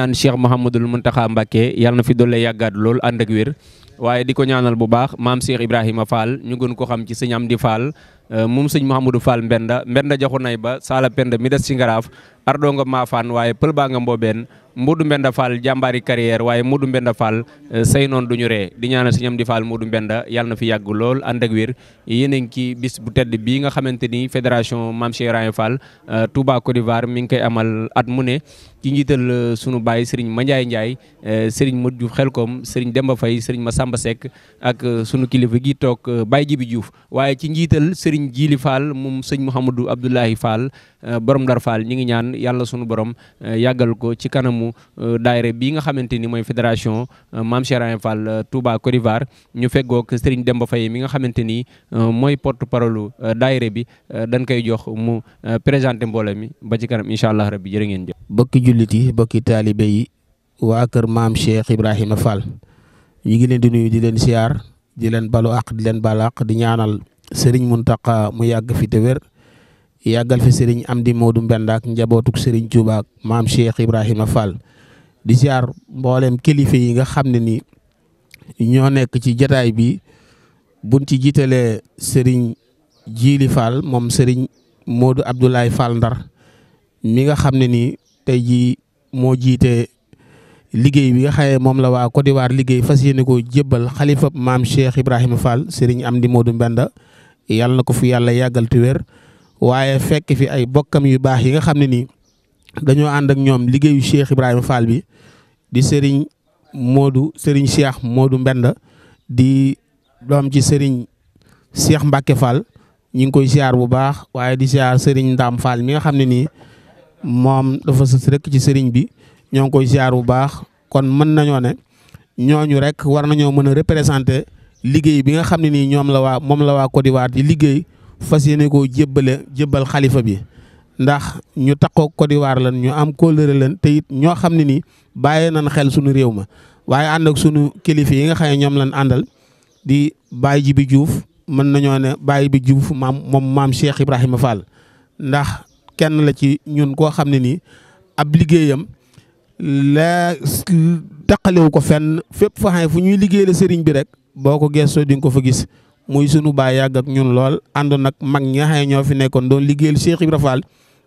ñaan Cheikh Mouhamadul Mountakha Mbacké yàlla na fi doole yàggaat lool ànd ak wér waaye di ko ñaanal bu baax maam Cheikh Ibrahima Fall ñu gën ko xam ci sëñ Amdi Fall euh, moom sëñ Mouhamadou Fall Mbenda Mbenda Jaxu Nay ba Sala Penda mi des ci Ngaraaf arɗo ngo ma fan wawi pelbaga mboɓen mbuɗu benda fall jambari carriére wawi muɗu benda fall eh, sey noon duñure di ñaanal si ñam di fall muɗu benda yàlla na fi yàgg lool ànd ak wér yeneen ki bis bu tedd bii nga xamante ni fédération Mame Cheikh Ibrahima Fall eh, mi ngi koy amal at mu ne ki njiital eh, sunu baay Serigne Mandiaye Ndiaye Serigne Modou Diouf Xelkom Serigne Demba sëriñ ma Massamba Seck ak sunu kilifa gi toog Baye Jibi Diouf waaye ci njiital Euh, borom Ndar Fall ñi ngi ñaan yàlla sunu borom euh, yàggal ko ci kanamu euh, daayira bii nga xamante ni mooy fédération Mame Cheikh Ibrahima Fall Touba Côte d'Ivoire ñu feggoog Serigne Demba Faye mi nga xamante ni mooy porte parole daayira bi dañ koy jox mu présenté mbooloo mi ba ci kanam incha allah rabbi jërë ngeen jëf. bokki jullit yi bokki taalibe yi waa kër Mame Cheikh Ibrahima Fall ñu ngi leen di nuyu di leen siyaar di leen balu àq di leen baal àq di ñaanal sëriñ Serigne Mountakha mu yàgg fi te yàggal fi seriñ am di Mbenda ak njabootuk sëriñ Touba ak maam Cheikh Ibrahima Fall di ziar mboolem kilifa yi nga xam ne ni ñoo nekk ci jataay bi buñ ci jiitalee sëriñ Jili Fall moom sëriñ Modou Abdoulaye Fall Ndar mi nga xam ne ni tey jii moo jiite liggéey bi nga xaye moom la waa Côte liggéey fas yéene ko jébbal xalifa maam Cheikh Ibrahima Fall am Amdi Modou Mbenda yàlla na ko fi yàlla yàggal te wér waaye fekk fi ay bokkam yu baax yi nga xam ne nii dañoo ànd ak ñoom liggéeyu Cheikh Ibrahima Fall bi di sëriñ moodu sëriñ Cheikh Modou Mbenda di doom ci sëriñ Cheikh Mbacke ñu ngi koy siyaar bu baax waaye di siyaar sëriñ Ndam Fall mi nga xam ne nii moom dafa ci sëriñ bi ñoo ngi koy siyaar bu baax kon mën nañoo ne ñooñu rek war nañoo mën a représenter liggéey bi nga xam ne nii ñoom la waa moom la waa Côte di liggéey. fas yéene ko jébbale jëbbal xalifa bi ndax ñu takkook Côte d'Ivoire lan ñu am kóllëre lan te it ñoo xam ne nii bàyyee nañ xel suñu réew ma waaye ànd ak sunu kilifa yi nga xam ne ñoom lan àndal di Baye Jibi Diouf mën nañoo ne Baye bi Diouf maam moom maam Cheikh Ibrahima Fall ndax kenn la ci ñun koo xam ne nii ab liggéeyam la taqalewu ko fenn fépp fa xay fu ñuy liggéey la sëriñ bi rek boo ko gëstoo di nga ko fa gis muy sunu baay yàgg ak ñun lool ànd nag mag ñi nga xam ñoo fi nekkoon doon liggéeyal Cheikh Ibra Fall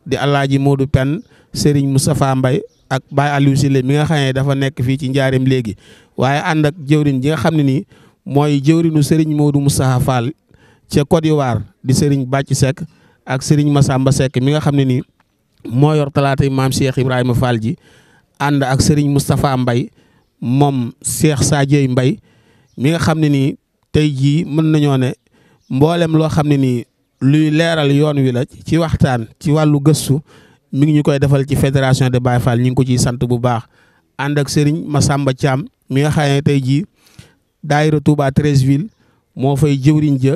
di Alaaji Modou Penn Serigne Moustapha Mbaye ak Baye Aliou Sile mi nga xam ne dafa nekk fii ci njaareem léegi waaye ànd ak jëwriñ ji nga xam ne nii mooy jëwriñu Serigne Modou Moustapha Fall cee Côte d'Ivoire di Serigne Bàcc Seck ak Serigne Massamba Seck mi nga xam ne nii moo yor talaatay maam Cheikh Ibrahima Fall ji ànd ak Serigne Moustapha mbay moom Cheikh Sadio mbay mi nga xam ne nii tey jii mën nañoo ne mboolem loo xam ne nii luy leeral yoon wi la ci waxtaan ci wàllu gëstu mi ngi ñu koy defal ci fédération de Baye Fall ñu ngi ko ciy sant bu baax ànd ak Serigne Massamba Thiam mi nga xam tey jii daayira Touba Treichville moo fay jëwriñ ja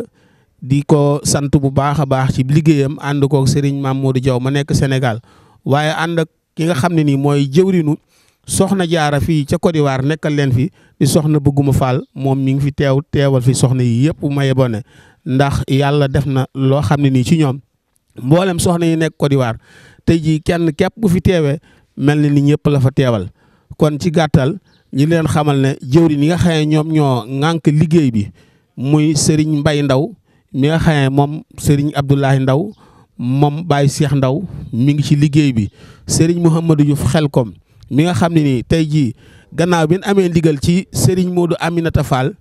di ko sant bu baax a baax ci liggéeyam ànd koog Serigne Mamadou Diaw ma nekk Sénégal waaye ànd ki nga xam ne nii mooy jëwriñu soxna jaara fii ca Côte nekkal leen fi di soxna bëgguma faal moom mi ngi fi teew teewal fi soxna yi yëpp maye bone ndax yàlla def na loo xam ne nii ci ñoom mboolem soxna yi nekk Côte d'Ivoire tey jii kenn képp bu fi teewee mel na ni ñëpp la fa teewal kon ci gàttal ñi leen xamal ne jëwriñ yi nga xamee ñoom ñoo ŋànk liggéey bi muy Serigne mbay Ndaw mi nga xamee moom Serigne Abdoulaye Ndaw moom bay Cheikh Ndaw mi ngi ci liggéey bi Serigne Mouhamadou xel xelkom mi nga xam ne nii tey jii gannaaw bin amee ndigal ci Serigne Modou Aminata Fall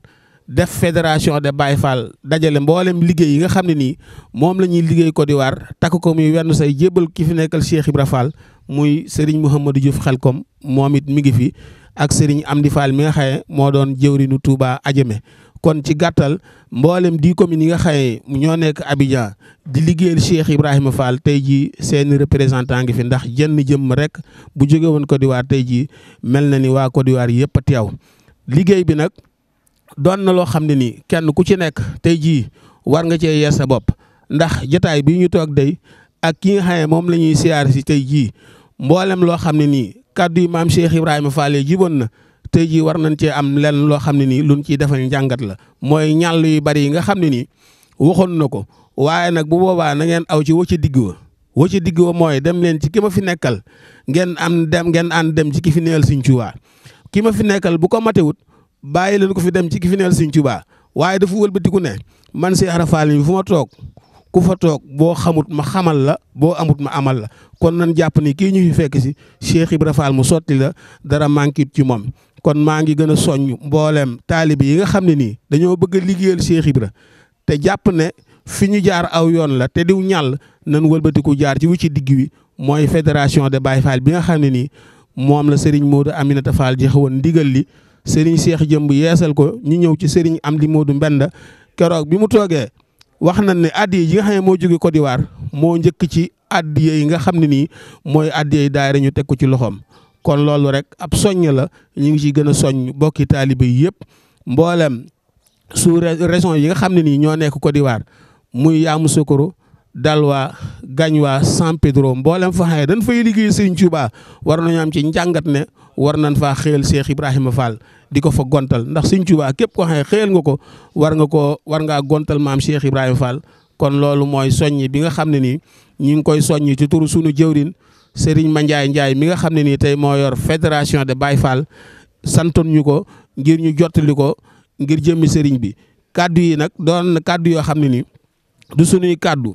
def fédération de Baye Fall dajale mboolem liggéey yi nga xam ne nii moom la ñuy liggéey di war takk ko muy wenn say jébbal ki fi nekkal Cheikh Ibra Fall muy Serigne Mouhamadou Diouf Xelkom moom it mi ngi fi ak Serigne Amdi Fall mi nga xaye moo doon jëwriñu Touba Adjamé kon ci gàttal mboolem di communes yi nga xaye ñoo nekk Abidjan di liggéeyal Cheikh Ibrahima Fall tey jii seeni représentant ngi fi ndax jenn jëmm rek bu jóge woon Côte d'Ivoire tey jii mel na ni waa Côte d'Ivoire yëpp a teew liggéey bi nag doon na loo xam ne ni kenn ku ci nekk tey jii war nga cee yee sa bopp ndax jotaay bi ñu toog day ak ki nga xamee moom la ñuy siyaar si tey jii mboolem loo xam ne nii kàddu yi maam Cheikh Ibrahima Fall jiboon na. tey jii war nañ cee am lenn loo xam ne nii luñ ciy defal njàngat la mooy ñàll yu bari yi nga xam ne nii waxoon na ko waaye nag bu boobaa na ngeen aw ci wa ci digg wa wa ci digg wa mooy dem leen ci ki ma fi nekkal ngeen am dem ngeen ànd dem ci ki fi neel Sëñ Tuubaa ki ma fi nekkal bu ko matewut bàyyi leen ko fi dem ci ki fi neel Sëñ Tuubaa waaye dafa wëlbatiku ne man Seex Ibra Faal mi fu ma toog ku fa toog boo xamut ma xamal la boo amut ma amal la kon nan jàpp ni kii ñu fi fekk si Cheikh Ibra Fall mu sotti la dara manqué ci moom kon maa ngi gën a soññ mbooleem taalibe yi nga xam ne nii dañoo bëgg a liggéeyal Cheikh rek te jàpp ne fi ñu jaar aw yoon la te diw ñàll nan wëlbatiku jaar ci wu ci digg wi mooy fédération de Baye Fall bi nga xam ne nii moom la Serigne Modou Aminata Fall jeex woon ndigal li Serigne Cheikh jëmb yeesal ko ñu ñëw ci Serigne Amdi Modou Mbenda keroog bi mu toogee wax nañ ne addiya yi nga xam ne moo jóge Côte d'Ivoire moo njëkk ci addiya yi nga xam ne nii mooy addiya yi daayira ñu teg ko ci loxoom. kon loolu rek ab soññ la ñu ngi ciy gën a soññ bokki taalibe yi yëpp mboolem sous région yi nga xam ne nii ñoo nekk Côte d'Ivoire muy Yamoussoukro Dalwa Gagnoa San Pedro mboolem fa xëy dañ fay liggéey sëñ Tuubaa war nañu am ci njàngat ne war nañ faa xëyal Cheikh Ibrahima Fall di ko fa gontal ndax sëñ Tuubaa képp ko xëy xëyal nga ko war nga ko war ngaa gontal maam Cheikh Ibrahima Fall kon loolu mooy soññi bi nga xam ne nii ñu ngi koy soññi ci turu sunu jëwrin Serigne Mandiaye Ndiaye mi nga xam ne nii tey moo yor fédération de bay Fall santoon ñu ko ngir ñu jottali ko ngir jëmmi Serigne bi kàddu yi nag doon na kàddu yoo xam ne ni du sunuy kàddu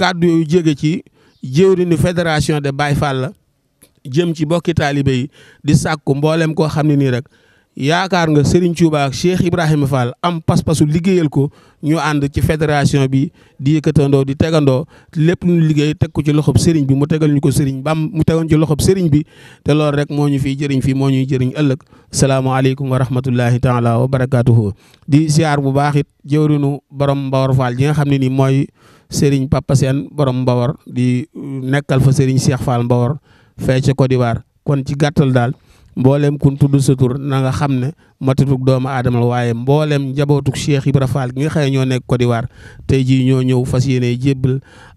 kaddu yooyu jóge ci jëwriñu fédération de Baye Fall la jëm ci bokki taalibe di sàkku mboolem koo xam ne nii rek. yaakaar nga Serigne Touba ak Cheikh Ibrahima Fall am pas-pasu liggéeyal ko ñu ànd ci fédération bi di yëkkatandoo di tegandoo lépp lu liggéey teg ko ci loxob Serigne bi mu tegal ñu ko Serigne bam mu tegoon ci loxob Serigne bi te loolu rek moo ñu fiy jëriñ fii moo ñuy jëriñ ëllëg salaamaaleykum wa rahmatullahi taala wa barakaatuhu di siyaar bu baax it jëwrinu borom Mbawar Fall ji nga xam ne nii mooy Serigne Papa borom Mbawar di nekkal fa Serigne Cheikh Fall Mbawar fee ca Côte kon ci gàttal daal. mbooleem kun tudd sa tur na nga xam ne matutug doomu aadama waaye mbooleem njabootug Cheikh Ibra Fall gi nga xëye ñoo nekk Côte d'Ivoire tey jii ñoo ñëw fas yéene jébbal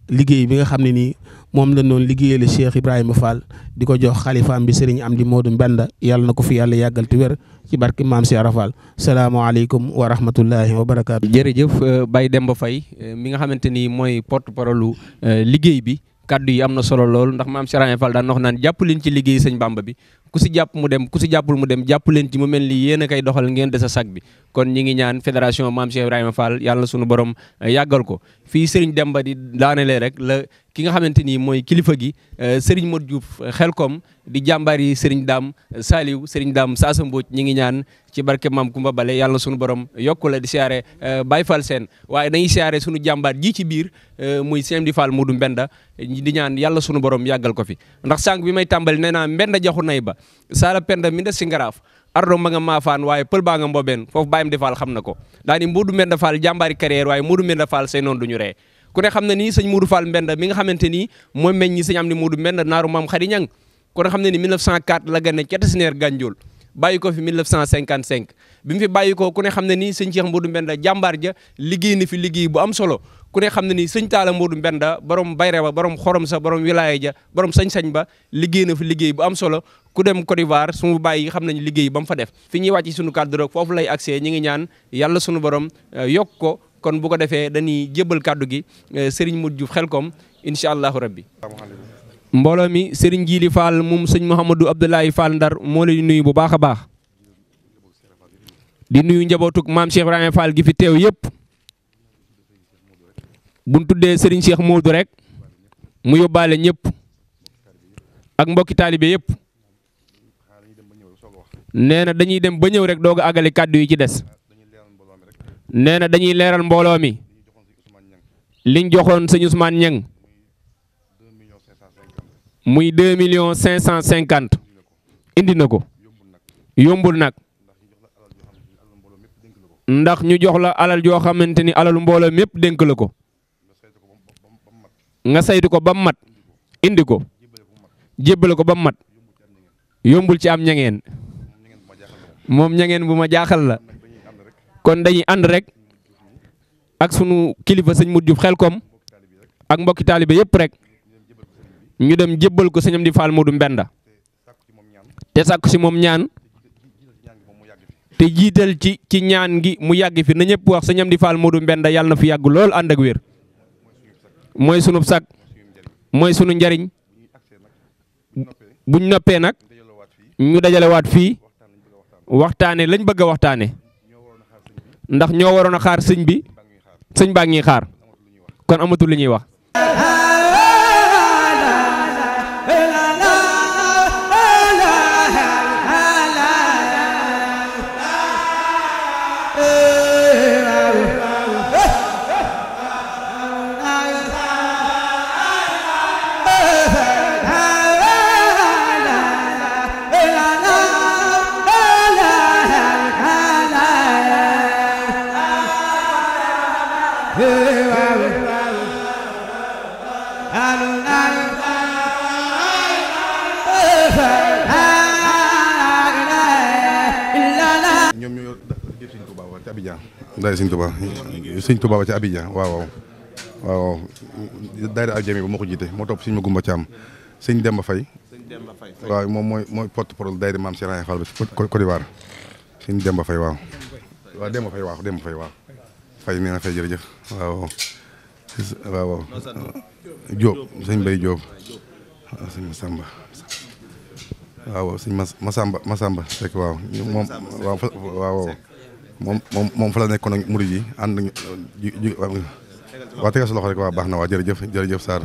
liggéey bi nga xam ne nii moom la noonu liggéeyale Cheikh Ibrahima Fall di ko jox xalifa bi am Amdi Modou Mbenda yàlla na ko fi yàlla yàggal ti wér ci barki maam Cheikh Ibra Fall salaamaaleykum wa rahmatullahi wa barakaatu. jërëjëf euh, Baye Demba Faye euh, mi nga xamante ni mooy porte parole euh, liggéey bi kaddu yi am na solo lool ndax maam Cheikh Ibrahima Fall daan wax naan jàpp leen ci liggéey sëñ Bamba bi ku si jàpp mu dem ku si jàppul mu dem jàpp leen ci mu mel ni yéen a koy doxal ngeen de sag bi kon ñi ngi ñaan fédération maam Cheikh Ibrahima Fall yàlla sunu borom eh, yàggal ko fii Serigne Demba di daanelee rek la ki nga xamante ni mooy kilifa gi eh, Serigne Modou Diouf xelkom eh, di jàmbaar yi Serigne Dame Saliou Serigne Dame Sassa Mbodj ñi ngi ñaan ci barke maam Kumba Bale yàlla suñu borom yokku la di siyaare Baye Fall seen waaye dañuy siyaare suñu jàmbaar ji ci biir muy Sëñ di Fall Modou Mbenda di ñaan yàlla suñu borom yàggal ko fi ndax sànq bi may tàmbali nee naa Mbenda jaxu nay ba sara penda mi nda singaraaf arɗo maga ma fan wawi pelbaga mboɓen foof bayim defal xam na ko dani mbudu mbenda fall jambari carrière wawi mbudu mbenda fall sey noon duñu ree ku ne xam na ni sëñ Moudou Mbenda mi nga xamante ni mooy meññi sëñ Amdi Moudou Mbenda naaru maam Khady Niang ku ne xam na ni 1904 la gane ca Tassinère Gandiol bàyyi ko fi bi mu fi bàyyi ko ku ne xam ne nii sëñ Cheikh Modou Mbenda jàmbaar ja liggéey na fi liggéey bu am solo ku ne xam ne nii sëñ Talla Modou Mbenda borom bayre ba borom xorom sa borom wilaaya ja borom sañ-sañ ba liggéey na fi liggéey bu am solo ku dem Côte d'Ivoire suñu bàyyi xam nañ liggéey ba mu fa def fi ñuy wàcc suñu cadre rek foofu lay accès ñi ngi ñaan yàlla suñu borom euh, yokk ko kon bu ko defee dañuy jébbal kàddu gi euh, Serigne Modou xel Xelkom incha allahu rabbi mbooloo mi Serigne Jili Fall moom sëñ Mouhamadou Abdoulaye Fall Ndar moo lay nuyu bu baax a baax di nuyu njabootug maam Cheikh Ibrahima Fall gi fi teew yëpp buñ tuddee sëriñ Cheikh Modou rek mu yóbbaale ñëpp ak mbokki taalibe yëpp nee na dañuy dem ba ñëw rek doog a àggali kàddu yi ci des nee na dañuy leeral mbooloo mi liñ joxoon sëñ Ousmane Niang muy deux million cinq cent cinquante indi na ko yombul nag ndax ñu jox la alal joo xamante ni alalu mbooloo mépp dénk la ko nga saytu ko ba mu mat indi ko jébbale ko ba mu mat yombul ci am ñangeen moom ñangeen bu ma jaaxal la kon dañuy ànd rek ak sunu kilifa sëñ Modou Diouf Xelkom ak mbokki taalibe yëpp rek ñu dem jébbal ko sëñam di Fall Modou Mbenda te sàkku si moom ñaan. te jiital ci ci ñaan gi mu yàgg fi na ñëpp wax sëñ Amdi Fall Modou Mbenda yàlla na fi yàgg lool ànd ak wér mooy sunub sag mooy sunu njariñ buñ noppee nag ñu dajalewaat fii waxtaane lañ bëgg a waxtaane ndax ñoo waroon a xaar sëñ bi sëñ baa ngi xaar kon amatul li ñuy wax daay sëñ Touba sëñ Touba ba ci Abidjan waaw waaw waaw daayira Aljami ba moo ko jiite moo topp sëñ ma Gumba Thiam sëñ Demba Faye waaw moom mooy mooy porte parole daayira maam Cheikh Raye Fall ba ci Côte d'Ivoire sëñ Demba Faye waaw waaw Demba Faye waaw Demba Faye waaw Faye nee na Faye jërëjëf waaw waaw Diop waaw waaw waaw moom moom moom fa la nekkoon ak murid yi ànd ju waa tegal loxo rek waa baax na waa jërëjëf jërëjëf Sarr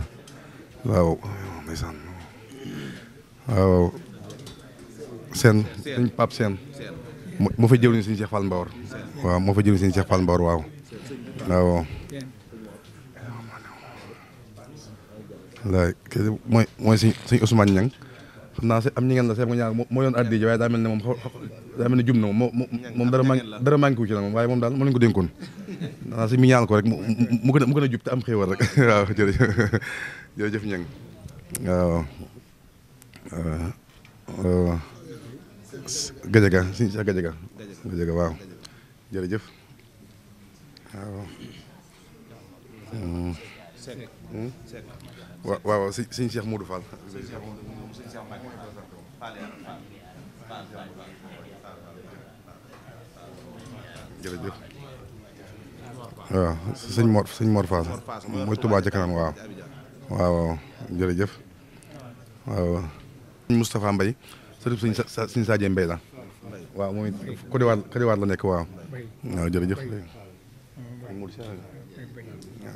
waaw ndeysaan waaw seen suñ Pape Sène moo fa jëwriñ suñu Cheikh Fall Mbawar waaw moo fa jëwriñ suñu Cheikh Fall Mbawar waaw waaw mooy suñ Ousmane Niang xam naa am ñi la seeb moo yoon addi ji waaye daa ne moom daa mel ne jum na moom moom dara man dara ci la moom waaye moom daal moo leen ko dénkoon xanaa si mi ñaan ko rek mu gën a mu a jub te am xéewal rek waaw jërëjëf jërëjëf ñang Gajaga Gajaga waaw jërëjëf waaw hmm? waaw waaw si sëñ Cheikh Modou Fall. jërëjëf waaw sëñ sëñ Mor Fall mooy Touba ca kanam waaw waaw jërëjëf waaw. sëñ Moustapha Mbaye sëriñ sëñ sa sëñ Sadio waaw mooy Côte d'Ivoire Côte d'Ivoire la nekk waaw waaw jërëjëf.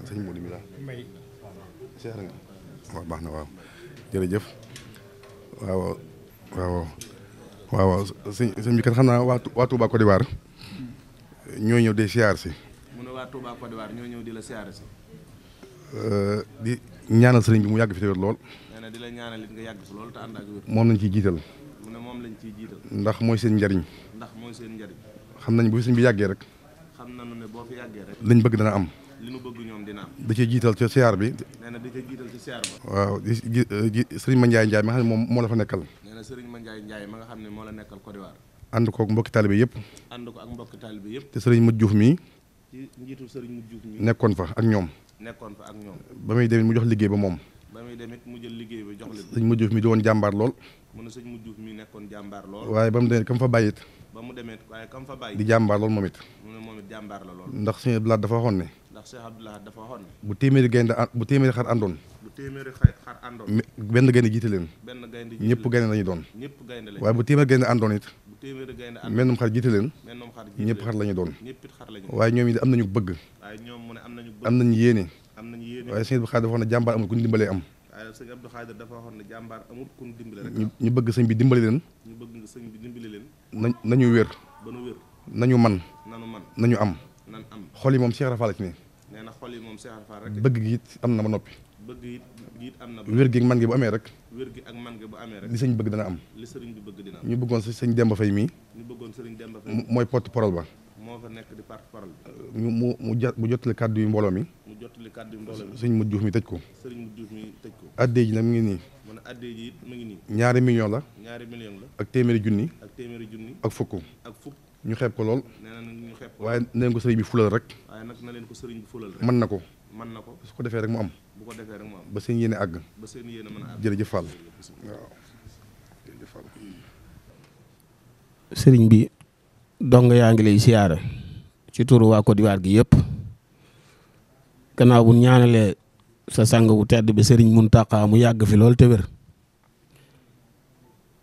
sëñ Modou mi la. waa baax na waaw jërëjëf waaw waaw waaw waaw sëñ sëñ bi kat xam naa waa waa Touba ñoo ñëw de siyaar si. mu ne waa ñëw di la siyaar si. Euh, di ñaanal sëriñ bi mu yàgg fi tawet lool. nee na di la ñaanal it nga lool te ànd ak wér. moom lañ ciy jiital. mu moom lañ ciy jiital. ndax mooy seen njariñ. ndax mooy seen njariñ. xam nañ bu fi sëñ bi yàggee rek. xam nañu ne boo fi yàggee rek. lañ bëgg dana am. nu bëgg ñoom dina am. da cee jiital ca siyaar bi. nee na waaw di ji sëriñ Mandiaye Ndiaye mi nga xam ne moom moo la fa nekkal. nee na sëriñ Mandiaye Ndiaye ma nga xam ne moo la nekkal Côte d'Ivoire. ànd ko ak mbokki taalibe yëpp. ànd ko ak yëpp. te sëriñ Modou Diouf mii. ci njiitu sëriñ Modou nekkoon fa ak ñoom. nekkoon fa ak ñoom. ba muy demit mu jox liggéey ba moom. ba muy demit mu jël liggéey ba jox leen. sëriñ Modou Diouf mi di woon jàmbaar lool. mu nekkoon jàmbaar waaye ba mu demee kam fa bàyyit ba mu demee waaye kam fa bàyyi. di jàmbaar lool moom it. mu ne moom jàmbaar la lool. ndax suñu blaat dafa waxoon ne. ndax Cheikh Abdoulaye dafa waxoon ne bu téeméeri gaynde bu téeméeri xar àndoon bu téeméeri benn gaynde jiite leen benn gaynde jiite ñëpp gaynde lañu doon ñëpp gaynde lañu waaye bu téeméeri gaynde àndoon it bu téeméeri gaynde àndoon mennum xar jiite leen mennum xar jiite leen ñëpp xar lañu doon ñëpp waaye ñoom it am nañu bëgg waaye ñoom mu ne am nañu bëgg am nañu yéene am nañu yéene waaye sëñ Abdou Khadre dafa wax ne jàmbaar amul ku ñu dimbalee am waaye sëñ Abdou Khadre dafa waxoon ne jàmbaar ñu dimbale rek ñu bëgg sëñ bi dimbali leen ñu bëgg sëñ na nañu wér ba nu man nañu ñu am nan am xol yi moom Cheikh Rafa la ci ne nee na xol moom Cheikh Ibra rek. bëgg gi it am na ba noppi. bëgg it it am na ba wér gi ak amee rek. wér gi ak man gi bu amee rek. li sëñ bëgg dana am. li sëriñ bëgg dina ñu bëggoon sëñ Demba Faye mii. ñu bëggoon sëriñ Demba Faye mooy porte-parole ba. moo fa nekk di porte-parole bi. Euh, mu mu mu jot mu jottali kàddu yu mbooloo mi. mu jottali kàddu yu mi. sëñ Modou Diouf mi tëj ko. sëriñ Modou Diouf mi ko. addee ji nag mu ngi nii. mu ne addee ji ngi nii. ñaari million la. ñaari million la. ak téeméeri junni. ak téeméeri junni. ak fukk. ak fukk. ñu xeeb ko lool. nee na ñu waaye nee ko sëriñ bi fulal rek. waaye nag na leen ko sëriñ bi fulal mën na ko. mën na ko su ko defee rek mu am. ko defee rek mu am ba seen yéene àgg. ba seen yéene mën a àgg sëriñ bi dong yaa ngi lay siyaara ci turu waa Côte gi yëpp gannaaw bu ñaanalee sa sang bu tedd bi sëriñ Mountakha mu yàgg fi lool te wér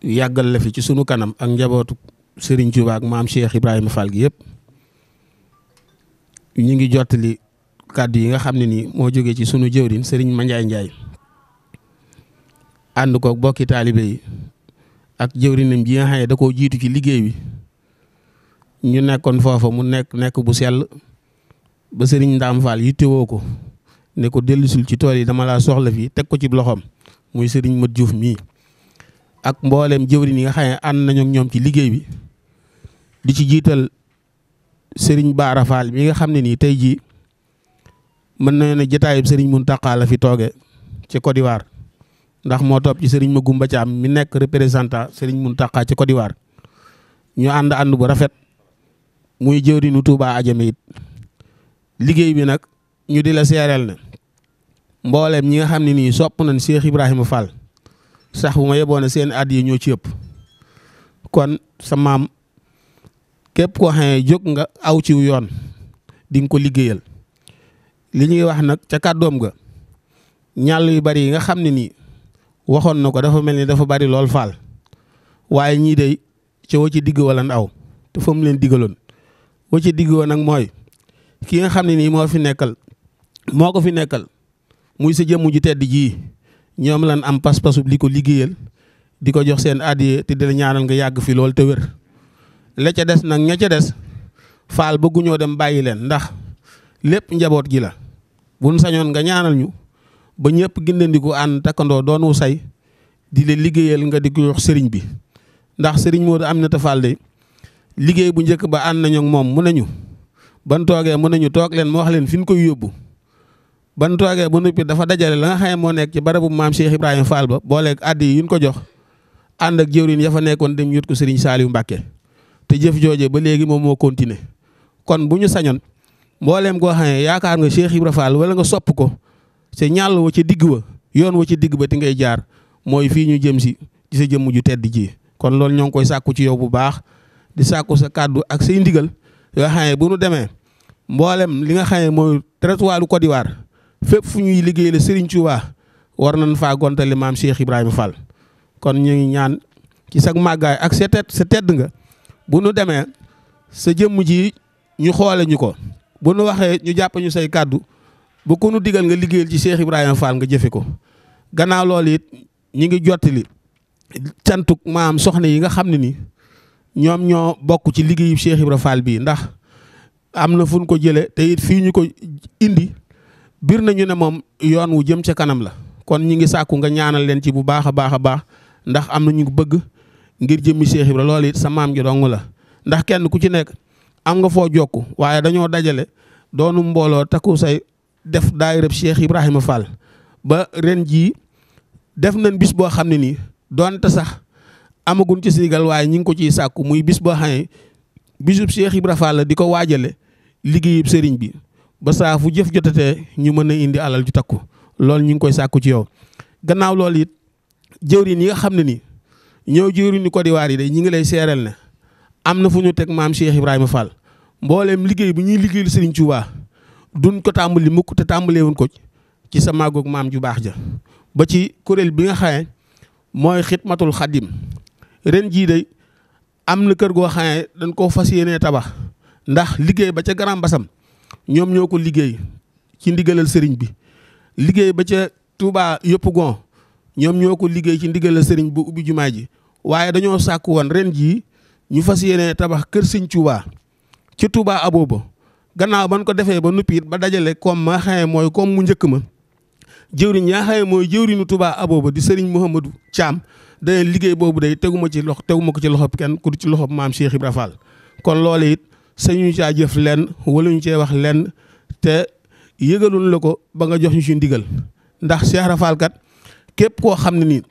yàggal la fi ci sunu kanam ak njabootu. Serigne Touba ak maam Cheikh Ibrahima Fall gi yëpp ñu ngi jottali kàddu yi nga xam ne nii moo jógee ci sunu jëwriñ ma Mandiaye Ndiaye ànd koog bokki taalibe yi ak jëwriñam ji nga xam ne da jiitu ci liggéey bi ñu nekkoon foofa mu nekk nekk bu sell ba Serigne Ndam Fall yittewoo ko ne ko dellusul ci tool yi dama laa soxla fii teg ko ci loxoom muy Serigne Mat juuf mii ak mboolem jëwriñ yi nga xam ne ànd nañu ñoom ci liggéey bi. di ci jiital sëriñ Baara Faal mi nga xam ne nii tey jii mën na ne jataayub sëriñ Muntaqa la fi tooge ci Côte d'Ivoire ndax moo topp ci sëriñ Magumba Thiam mi nekk représentant sëriñ mun Muntaqa ci Côte ñu ànd ànd bu rafet muy jëwriñu Touba Adjamé it liggéey bi nag ñu di la seereel ne mboolem ñi nga xam ne nii sopp nañ Cheikh Ibrahima Fall sax bu ma yeboone seeni at yi ñoo ci ëpp kon sa maam képp ko xam jóg nga aw ci yoon di nga ko liggéeyal li ñuy wax nag ca kàddoom ga ñàll yu bari yi nga xam ne nii waxoon na ko dafa mel ni dafa bari lool faal waaye ñii de ca wa ci digg walan aw te fa leen diggaloon wa ci digg woon nag mooy ki nga xam ne nii moo fi nekkal moo ko fi nekkal muy sa jëmm ju tedd jii ñoom lan am pas-pasu li ko liggéeyal di ko jox seen addiye te dina ñaanal nga yàgg fi lool te wér la ca des nag ña ca des faal bëgguñoo dem bàyyi leen ndax lépp njaboot gi la buñ sañoon nga ñaanal ñu ba ñëpp gindandiku ànd takkandoo doonu say di la liggéeyal nga di ko sëriñ bi ndax sëriñ Modou Aminata Fall de liggéey bu njëkk ba ànd nañu ak moom mu nañu ban toogee mu nañu toog leen moo wax leen fi ñu koy yóbbu ba ban toogee ba noppi dafa dajale a nga xam moo nekk ci barabu maam Cheikh Ibrahima Fall ba booleeg àddi yi ko jox ànd ak jëwriñ ya fa nekkoon dem yut ko sëriñ te jëf jooje ba léegi moom moo continuer kon bu ñu sañoon mbooleem goo xam yaakaar nga Cheikh Ibra Fall wala nga sopp ko te ñàll wa ca digg wa yoon wa ca digg ba ti ngay jaar mooy fii ñu jëm si ci sa jëmm ju tedd ji kon loolu ñoo ngi koy sàkku ci yow bu baax di sàkku sa kàddu ak say ndigal yoo bu nu demee mboolem li nga xam mooy territoire du Côte fépp fu ñuy liggéey la Serigne Touba war nañ faa gontali maam Cheikh kon ñu ngi ñaan ci sag màggaay ak sa tedd sa tedd nga bu nu demee sa jëmm ji ñu xoole ñu ko bu nu waxee ñu jàpp ñu say kàddu bu ko nu digal nga liggéeyal ci Cheikh Ibrahima Fall nga jëfe ko gannaaw lool it ñi ngi jottali cantuk maam soxna yi nga xam ne ni ñoom ñoo bokk ci liggéeyu Cheikh Ibrahima bii ndax am na fu ñu ko jëlee te it fii ñu ko indi bir nañu ne moom yoon wu jëm ca kanam la kon ñi ngi sàkku nga ñaanal leen ci bu baax a baax a baax ndax am na ñu bëgg ngir jëmmi Cheikh Ibra loolu it sa maam ji dong la ndax kenn ku ci nekk am nga foo jokk waaye dañoo dajale doonu mbooloo takku say def daayirab Cheikh Ibrahima Fall ba ren jii def nañ bis boo xam ne nii doonte sax amagun ci Sénégal waaye ñi ngi ko ciy sàkku muy bis boo xam ne bisub Cheikh Ibra Fall la di ko waajale liggéeyub sëriñ bi ba saa fu jëf jotatee ñu mën a indi alal ju takku loolu ñu ngi koy sàkku ci yow gannaaw loolu it jëwriñ yi nga xam ne nii ñëw jëruñu Côte d'Ivoire yi de ñu ngi lay seeral ne am na fu ñu teg maam Cheikh Ibrahima Fall mbooleem liggéey bu ñuy liggéeyal Serigne Touba duñ ko tàmbali mukk te tàmbalee woon ko ci sa màggoog maam ju baax ja ba ci kuréel bi nga xamee mooy xidmatul xadim ren jii de am na kër goo xamee dañ koo fas yéenee tabax ndax liggéey ba ca Grand Bassam ñoom ñoo ko liggéey ci ndigalal sëriñ bi liggéey ba ca Touba yëpp gon ñoom ñoo ko liggéey ci ndigalal sëriñ bu ubbi jumaa ji waaye dañoo sàkku woon ren jii ñu fas yéene tabax kër Sëñ Tuubaa ci Tuubaa abooba gannaaw ban ko defee ba nuppi ba dajale comme ma xaye mooy comme mu njëkk ma jëwriñ yaa xaye mooy jëwriñu Tuubaa abooba di Sëriñ Mouhamadou caam day liggéey boobu day teguma ci lox teguma ko ci loxo loxob kenn ku ci loxob maam Cheikh Ibra Fall kon loole it sañu caa jëf lenn wala cee wax lenn te yëgalun la ko ba nga jox ñu ci ndigal ndax Cheikh Ibra kat képp koo xam ne nii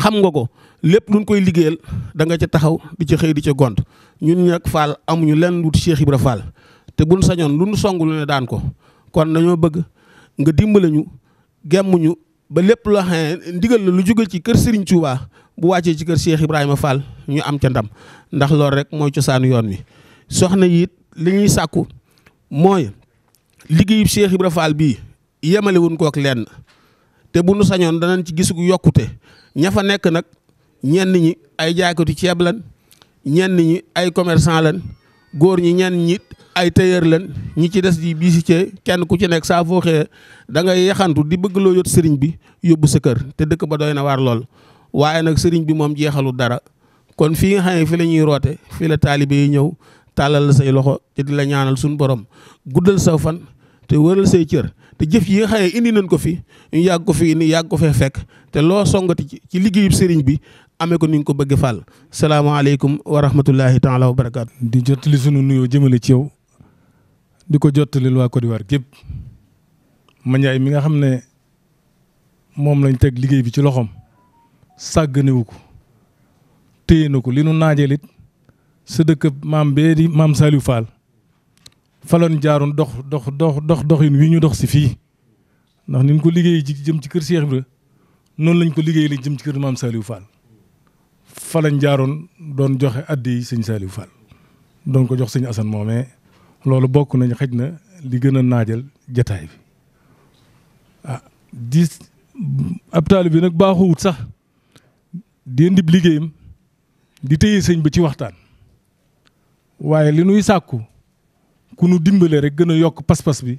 xam nga ko lépp luñ koy liggéeyal da nga ca taxaw di ca xëy di ca gont ñun nag Fall amuñu lenn wut Cheikh Ibra Fall te buñ sañoon luñ songu lu ne daan ko kon dañoo bëgg nga dimbale ñu gemmuñu ba lépp loo xam ne ndigal la lu jóge ci kër Serigne Touba bu wàccee ci kër Cheikh Ibrahima Fall ñu am ca ndam ndax loolu rek mooy cosaanu yoon wi soxna yi it li ñuy sàkku mooy liggéeyub Cheikh Ibrahima Fall bii yemalewuñ kook lenn te bu nu sañoon danañ ci gisugu yokkute ña fa nekk nag. ñenn ñi ay jaaykatu ceeb lan ñenn ñi ay commerçant lan góor ñi ñenn ñi ay tailleur lan ñi ci des di biisi ci kenn ku ci nekk saa foo xëyee yaxantu di bëgg loo yot sëriñ bi yóbbu sa kër te dëkk ba doy na waar lool waaye nag sëriñ bi moom jeexalu dara kon fii nga xam ne fi la ñuy roote fii la taalibe yi ñëw tàllal la say loxo te di la ñaanal suñu borom guddal sa fan te wëral say cër te jëf yi nga xam ne indi nañ ko fi ñu yàgg ko fi indi yàgg ko fee fekk te loo songati ci liggéeyub sëriñ bi amee ko ni ñu ko bëgg fàll salaamaaleykum wa rahmatullahi taala wa barakaatu. di jottali sunu nuyoo jëmale ci yow di ko jottalil waa Côte d'Ivoire gépp Mandiaye mi nga xam ne moom lañ teg liggéey bi ci loxoom sàgganewu ko téye na ko li nu naajeel it sa dëkk maam bee di maam Saliou Fall faloon jaaroon dox dox dox dox dox doxin wi ñu dox si fii ndax ni ñu ko liggéey ji jëm ci kër Cheikh Ibra noonu lañ ko liggéey li jëm ci kër maam Saliou Fall fa lañ jaaroon doon joxe addi yi sëñ Saliou Fall doon ko jox sëñ Assane moomee loolu bokk nañu xëj na li gën a naajal jataay bi ah di ab taalib bi nag baaxuwut sax di ndib liggéeyam di téye sëñ bi ci waxtaan waaye li nuy sàkku ku nu dimbale rek gën a yokk pas-pas bi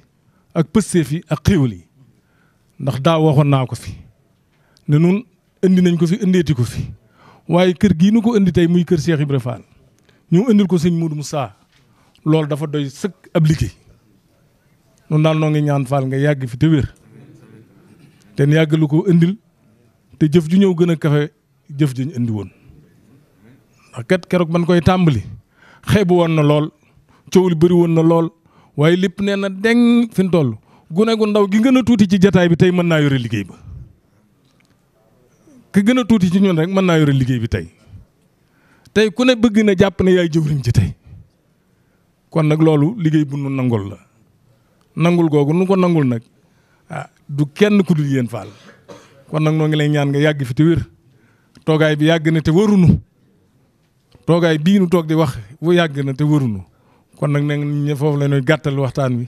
ak pësteef yi ak xéwal yi ndax daaw waxoon naa ko fi ne nun indi nañ ko fi indeeti ko fi waaye kër gii nu ko indi tey muy kër Cheikh Ibra Fall ñu indil ko sëñ Modou saa loolu dafa doy sëkk ab liggéey noonu daal noo ngi ñaan Fall nga yàgg fi te wér te yàgg lu ko indil te jëf ju ñëw gën a kafe jëf ju ñu indi woon ndax kat keroog man koy tàmbali xeebu woon na lool coow li bëri woon na lool waaye lépp nee na deng fi mu gune gu ndaw gi gën a tuuti ci jataay bi tey mën naa yore liggéey ba. ki gën a tuuti ci ñun rek mën naa yore liggéey bi tey tey ku ne bëgg na jàpp ne yaay jëwriñ ci tey kon nag loolu liggéey bu nu nangul la nangul googu nu ko nangul nag ah, du kenn ku dul yéen faal kon nag noo ngi lay ñaan nga yàgg fi te wér toogaay bi yàgg na te wërunu toogaay bii nu toog di wax bu yàgg na te wërunu kon nag nag foofu la ñuy gàttal waxtaan wi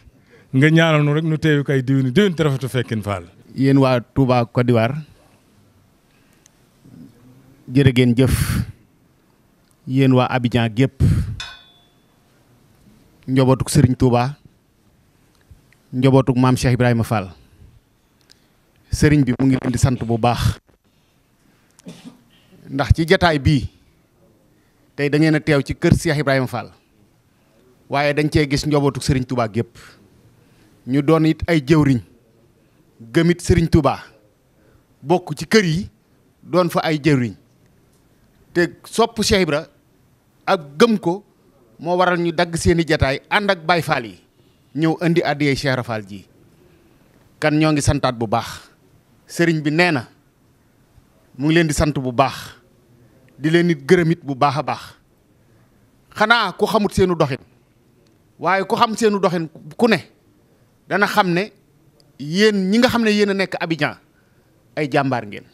nga ñaanal nu rek nu teewi kay diwéni diwén te rafetu fekkin faal yéen waa Touba Côte jërë jëf yéen waa Abidjan gépp njobootuk sëriñ Touba njobootuk maam Cheikh Ibrahima Fall Serigne bi mu ngi leen sant bu baax ndax ci jataay bii tey da a teew ci kër Cheikh Ibrahima Fall waaye dañ cee gis njobootuk sëriñ Touba gépp ñu doon it ay jëwriñ gëmit sëriñ Touba bokk ci kër yi doon fa ay jëwriñ te sopp Cheikh Ibra ak gëm ko moo waral ñu dagg seeni jataay ànd ak Baye Fall yi ñëw indi àddiyee Cheikh Ibra Fall ji kan ñoo ngi santaat bu baax sëriñ bi nee na mu ngi leen di sant bu baax di leen nit gërëmit bu baax a baax xanaa ku xamut seenu doxin waaye ku xam seenu doxin ku ne dana xam ne yéen ñi nga xam ne yéen a nekk Abidjan ay jàmbaar ngeen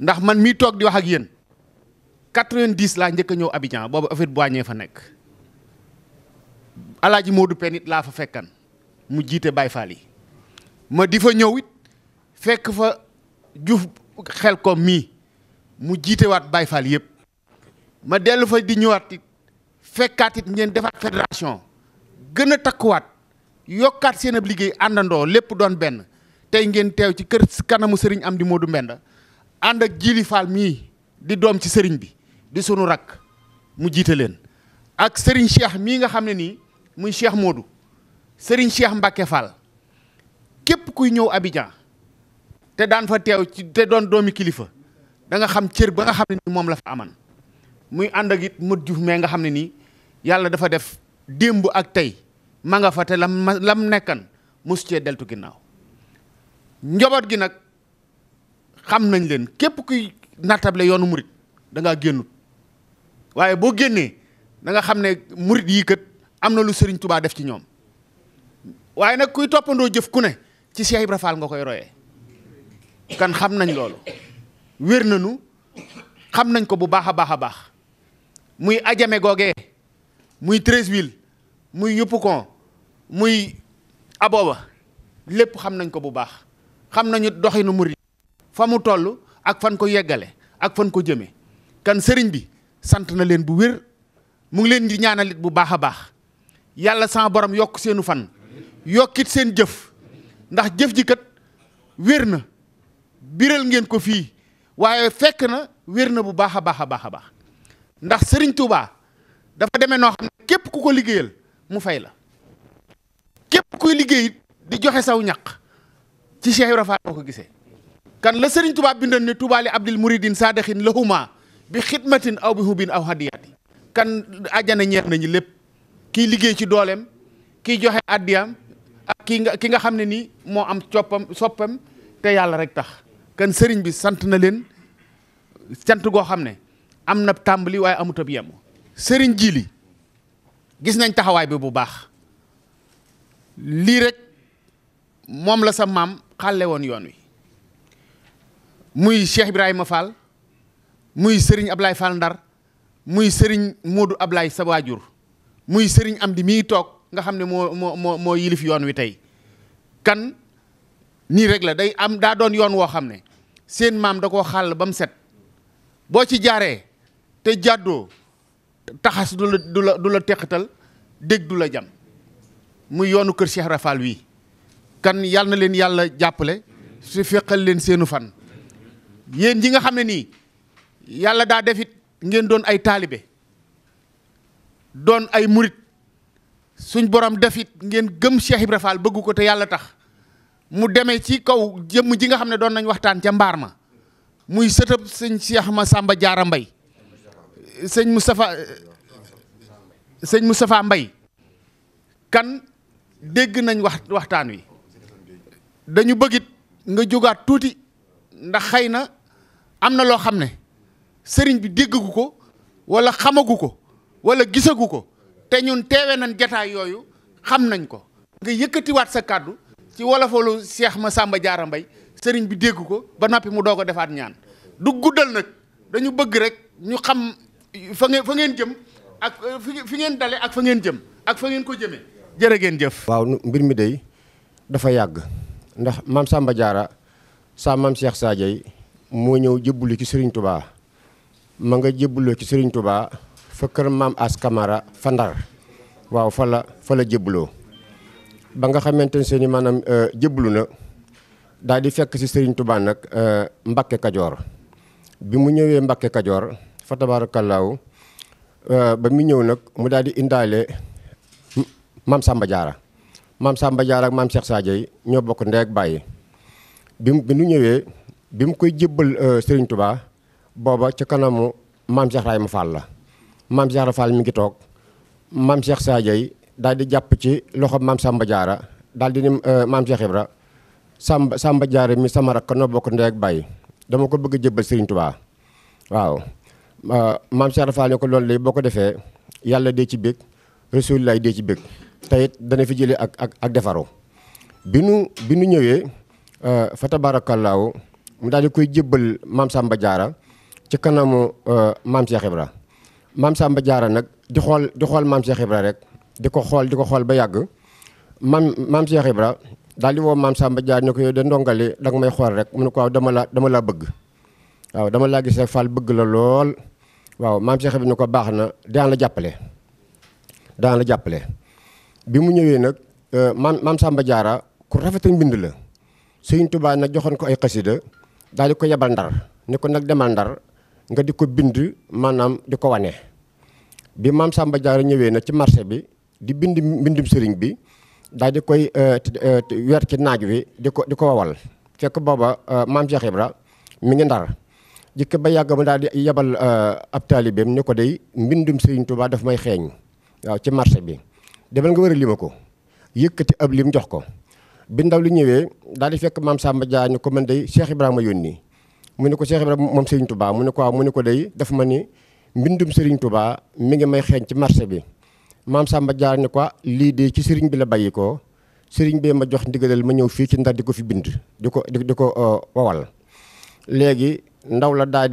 ndax man mii toog di wax ak yéen 90 laa njëkk a ñëw Abidjan boobu affaire boignee fa nekk alaaji Modou Pène it laa fa fekkan mu jiite Baye Fall yi ma di fa ñëw it fekk fa Diouf xel ko mii mu jiitewaat Baye Fall yëpp ma dellu fa di ñëwaat it fekkaat it ngeen defaat fédération gën a takkuwaat yokkaat seen ab liggéey àndandoo lépp doon benn tey ngeen teew ci kër kanamu sëriñ di Modou Mbenda ànd ak Jili Fall mii di doom ci sëriñ bi di sunu rakk mu jiite leen ak sëriñ Cheikh mii nga xam ne nii muy Cheikh moodu Serigne Cheikh Mbacke Fall képp kuy ñëw Abidjan te daan fa teew ci te doon doomi kilifa da nga xam cër ba nga xam ne nii moom la aman muy ànd ak it nga xam ne nii yàlla dafa def démb ak tey ma nga fa te lam lam nekkan mosu cee deltu ginnaaw njaboot gi nag xam nañ leen képp kuy nattable yoonu murit da ngaa génnut waaye boo génnee danga xam ne murit yii kat am na lu sëriñ Touba def ci ñoom waaye nag kuy toppandoo jëf ku ne ci Cheikh Ibra Fall nga koy roye kan xam nañ loolu wér nañu xam nañ ko bu baax a baax a baax muy ajame googee muy Treichville muy Yopougon muy Aboba lépp xam nañ ko bu baax xam nañu doxinu murid fa mu toll ak fan ko yeggale ak fan ko jëme kan sëriñ bi sant na leen bu wér mu ngi leen di ñaanalit bu baax a baax yàlla sama borom yokk seenu fan yokkit seen jëf ndax jëf ji kat wér na biral ngeen ko fii waaye fekk na wér na bu baax a baax a baax a baax ndax sëriñ Touba dafa demee noo xam ne képp ku ko liggéeyal mu fay la képp kuy liggéey di joxe saw ñaq ci Cheikh Ibra Fall ko gisee kan la sëriñ Touba bindoon ne Touba li abdil muridin saadaxin lahuma bi xidmatin aw bi hubin aw hadiyaati kan àjjana ñeex nañu lépp kiy liggéey ci dooleem kiy joxe àddiyaam ak ki nga ki nga xam ne nii moo am coppam soppam te yàlla rek tax kan sëriñ bi sant na leen sant goo xam ne am na tàmbali waaye amut ab yem sëriñ jili gis nañ taxawaay bi bu baax lii rek moom la sa maam xàlle yoon wi muy Cheikh Ibrahima Fall muy sëriñ Ablaye Fall Ndar muy sëriñ Moodu Ablaye sa waajur muy sëriñ am Amdi mii toog nga xam ne moo moo moo moo yilif yoon wi tey kan nii rek la day am daa doon yoon woo xam ne seen maam da koo xàll ba mu set boo ci jaaree te jàddoo taxas du la du la du la teqatal dégg du la jam muy yoonu kër Cheikh Rafal wii kan yàlla na leen yàlla jàppale su fekkal leen seenu fan yéen yi nga xam ne nii yàlla daa defit ngeen doon ay taalibe doon ay murit suñ borom defit ngeen gëm Cheikh Ibra bëggu ko te yàlla tax mu demee ci kaw jëmm ji nga xam ne doon nañ waxtaan ca mbaar ma muy sëtëb sëñ Cheikh ma sàmba Jaara Mbay sëñ Moustapha sëñ Moustapha Mbay kan dégg nañ wax waxtaan wi dañu bëggit nga jógaat tuuti ndax xëy na am na loo xam ne sëriñ bi déggagu ko wala xamagu ko wala gisagu ko te ñun teewe nañ jataay yooyu xam nañ ko nga yëkkatiwaat sa kàddu ci wolofalu ma sàmba jaara mbay sëriñ bi déggu ko ba noppi mu doog ko defaat ñaan du guddal nag dañu bëgg rek ñu xam fa ngeen fa ngeen jëm ak fi ngeen dale ak fa ngeen jëm ak fa ngeen ko jëmee jërë ngeen jëf waaw mbir mi day dafa yàgg ndax maam Samba Diarra sa maam Cheikh Sadio moo ñëw jëbbuli ci sëriñ Tubaa ma nga jébbaloo ci Serigne Touba fa kër maam As fa Ndar waaw fa la fa la jébbaloo ba nga xamante ne seeni maanaam euh, jébbalu na daal di fekk si Serigne Touba nag euh, Mbakke Kajoor bi mu ñëwee Mbakke Kajoor fa tabaarakallaahu euh, ba mu ñëw nag mu daal di indaale maam Samba Diarra maam Samba Diarra ak maam Cheikh Sadio yi ñoo bokk ndey ak bàyyi bi mu bi nu ñëwee bi mu koy jébbal Serigne Touba. booba ci kanamu maam Cheikh Rayma Fall la maam Cheikh Rayma Fall mi ngi toog maam Cheikh Sadio yi daal di jàpp ci loxo maam Samba Diarra daal di ni eh, maam Cheikh Ibra Samba Samba mi sama rakk noo bokk ndey ak dama ko bëgg a jébbal Serigne Touba waaw. maam Cheikh Rayma Fall ne ko loolu léegi boo ko defee yàlla dee ci bëgg Rasulullah dee ci bëgg te it dana fi jëlee ak ak ak defaru bi nu bi nu ñëwee eh, fa tabaarakallaahu mu daal di koy jëbbal maam Samba Diarra. ci kanamu euh, maam Cheikh Ibra maam Samba Diarra nag di xool di xool maam Cheikh ra rek di ko xool di ko xool ba yàgg maam maam Cheikh Ibra daal di woo maam Samba Diarra ne ko yow de ndongali da nga may xool rek mu ne ko waaw dama la bëgg dama laa gis rek bëgg la lool waaw maam Cheikh Ibra ne ko baax na daan la jàppale daan la jàppale bi mu ñëwee nag maam euh, maam Samba Diarra ku rafet mbind la Sëriñ Tuubaa nag joxoon ko ay xasida daal di ko yebal ndar ne ko nag demal ndar nga di ko bind maanaam di ko wane. bi maam Samba Diarra ñëwee na ci marché bi di bind mbindum sëriñ bi daal di koy euh, euh, weer ci naaj wi di ko di ko wawal fekk booba euh, maam Cheikh Ibra mi ngi ndar jikk ba yàgg mu daal di yebal ab taalibeem ni ko day mbindum sëriñ Touba dafa may xeeñ waaw ci marché bi demal nga war a lima ko yëkkati ab lim jox ko bi ndaw li ñëwee daal di fekk maam saamba Diarra ñu ko mën day Cheikh Ibrahima yónni mu ne ko Cheikh Ibrahima moom Serigne Touba mu ne ko waaw mu ne ko day daf ma ni mbindum Serigne Touba mi ngi may xeeñ ci marché bi maam Samba jaar ne ko ah, lii de ci Serigne bi la bàyyi ko Serigne ma jox ndigalal ma ñëw fii ci Ndar di ko fi bind di ko di ko uh, wawal. léegi ndaw la daal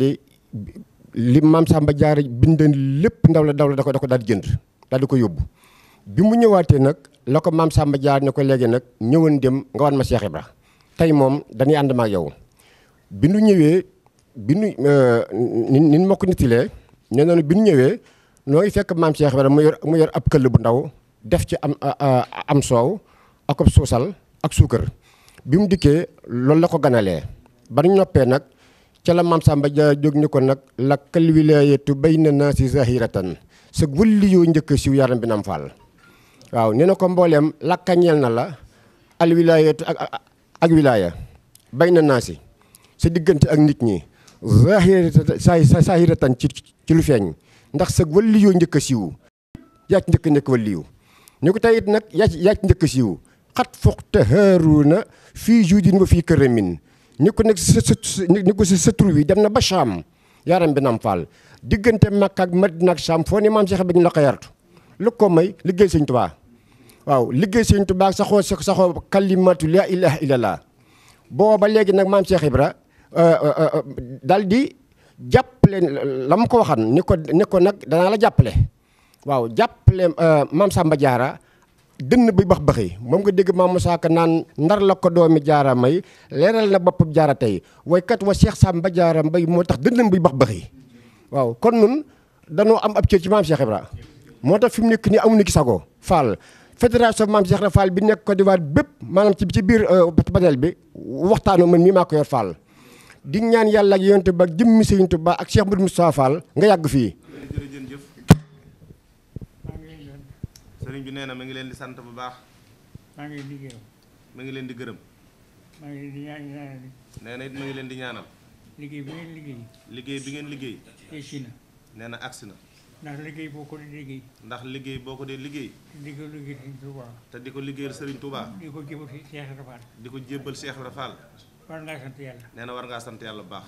li maam Samba Diarra bindan lépp ndaw la ndaw la da ko da ko daal di jënd daal di ko yóbbu bi mu ñëwaatee nag la ko maam Samba Diarra ne ko léegi nag ñëwoon dem nga wan ma Cheikh Ibra tey moom dañuy ànd ma yow. bi nu ñëwee bi nu euh, ni ma ko nitilee nee noonu bi nu ñëwee noo ngi fekk maam Cheikh Ibrahima mu yor mu yor ab këll bu ndaw def ci am am soow ak ab suusal ak suukar bi mu dikkee loolu la ko ganalee ba ñu noppee nag ca la maam Samba Dia jóg ni ko nag la kël wilaayatu bay na naa si zahiratan sa wulli yoo njëkk siw yaram bi nam Fall waaw nee na ko mbooleem lakkañeel na la al wilaayatu ak ak wilaaya bay na naa si sa diggante ak nit ñi zahiratan zahiratan ci ci lu feeñ ndax sa walliyoo njëkk a siiw yaa njëkk a nekk walliyu ñu ko tey it nag yaa njëkk a siiw xat foxte haaruna fii juudin wa fii këramin ñu ko nag sa sa ko sa sa tur wi dem na ba Cham yaaram bi naam faal diggante Makka ak Madina ak Cham foo ne maam Cheikh bi ñu la ko yartu may liggéey sëñ Tubaa waaw liggéey sëñ Tubaa saxoo saxoo kalimatu laa ilaaha illallah booba léegi nag maam Cheikh Ibra Euh, euh, euh, dal di jàppale la mu ko waxan ni ko ni nag danaa la jàppale waaw jàppale maam Samba Diarra dënn bi bax baxi moom nga dégg maam Moussa Ka naan ndar la ko doomi jaara may leeral na boppam jaara tey waykat wa Cheikh Samba Diarra mbay moo tax dënn bi bax baxi waaw kon nun danoo am ab cër ci maam Cheikh Ibra moo tax fi mu nekk nii amuñu ki sago Fall fédération maam Cheikh Ibra Fall bi nekk Côte d'Ivoire bépp maanaam ci ci biir panel bi waxtaanu ma mii maa ko di ñaan yàlla ak yonent ba jëmmi Sëriñ Tuubaa ak Cheikh Modou Moustapha Fall nga yàgg fii. jërëjëf sëriñ bi nee na mi ngi leen di sant bu baax. maa ngi leen di gërëm. mi ngi leen di gërëm. maa ngi leen di ñaanal. ngi leen di ñaanal. liggéey bi ngeen liggéey. liggéey bi ngeen liggéey. agsi nee na agsi na. ndax liggéey boo ko dee liggéey. ndax liggéey boo ko dee liggéey. di te di ko liggéeyal Sëriñ Tuubaa. di ko jébbal Cheikh Ibra Fall. di ko jébbal Cheikh war ngaa sant yàlla. nee na war ngaa sant yàlla bu baax.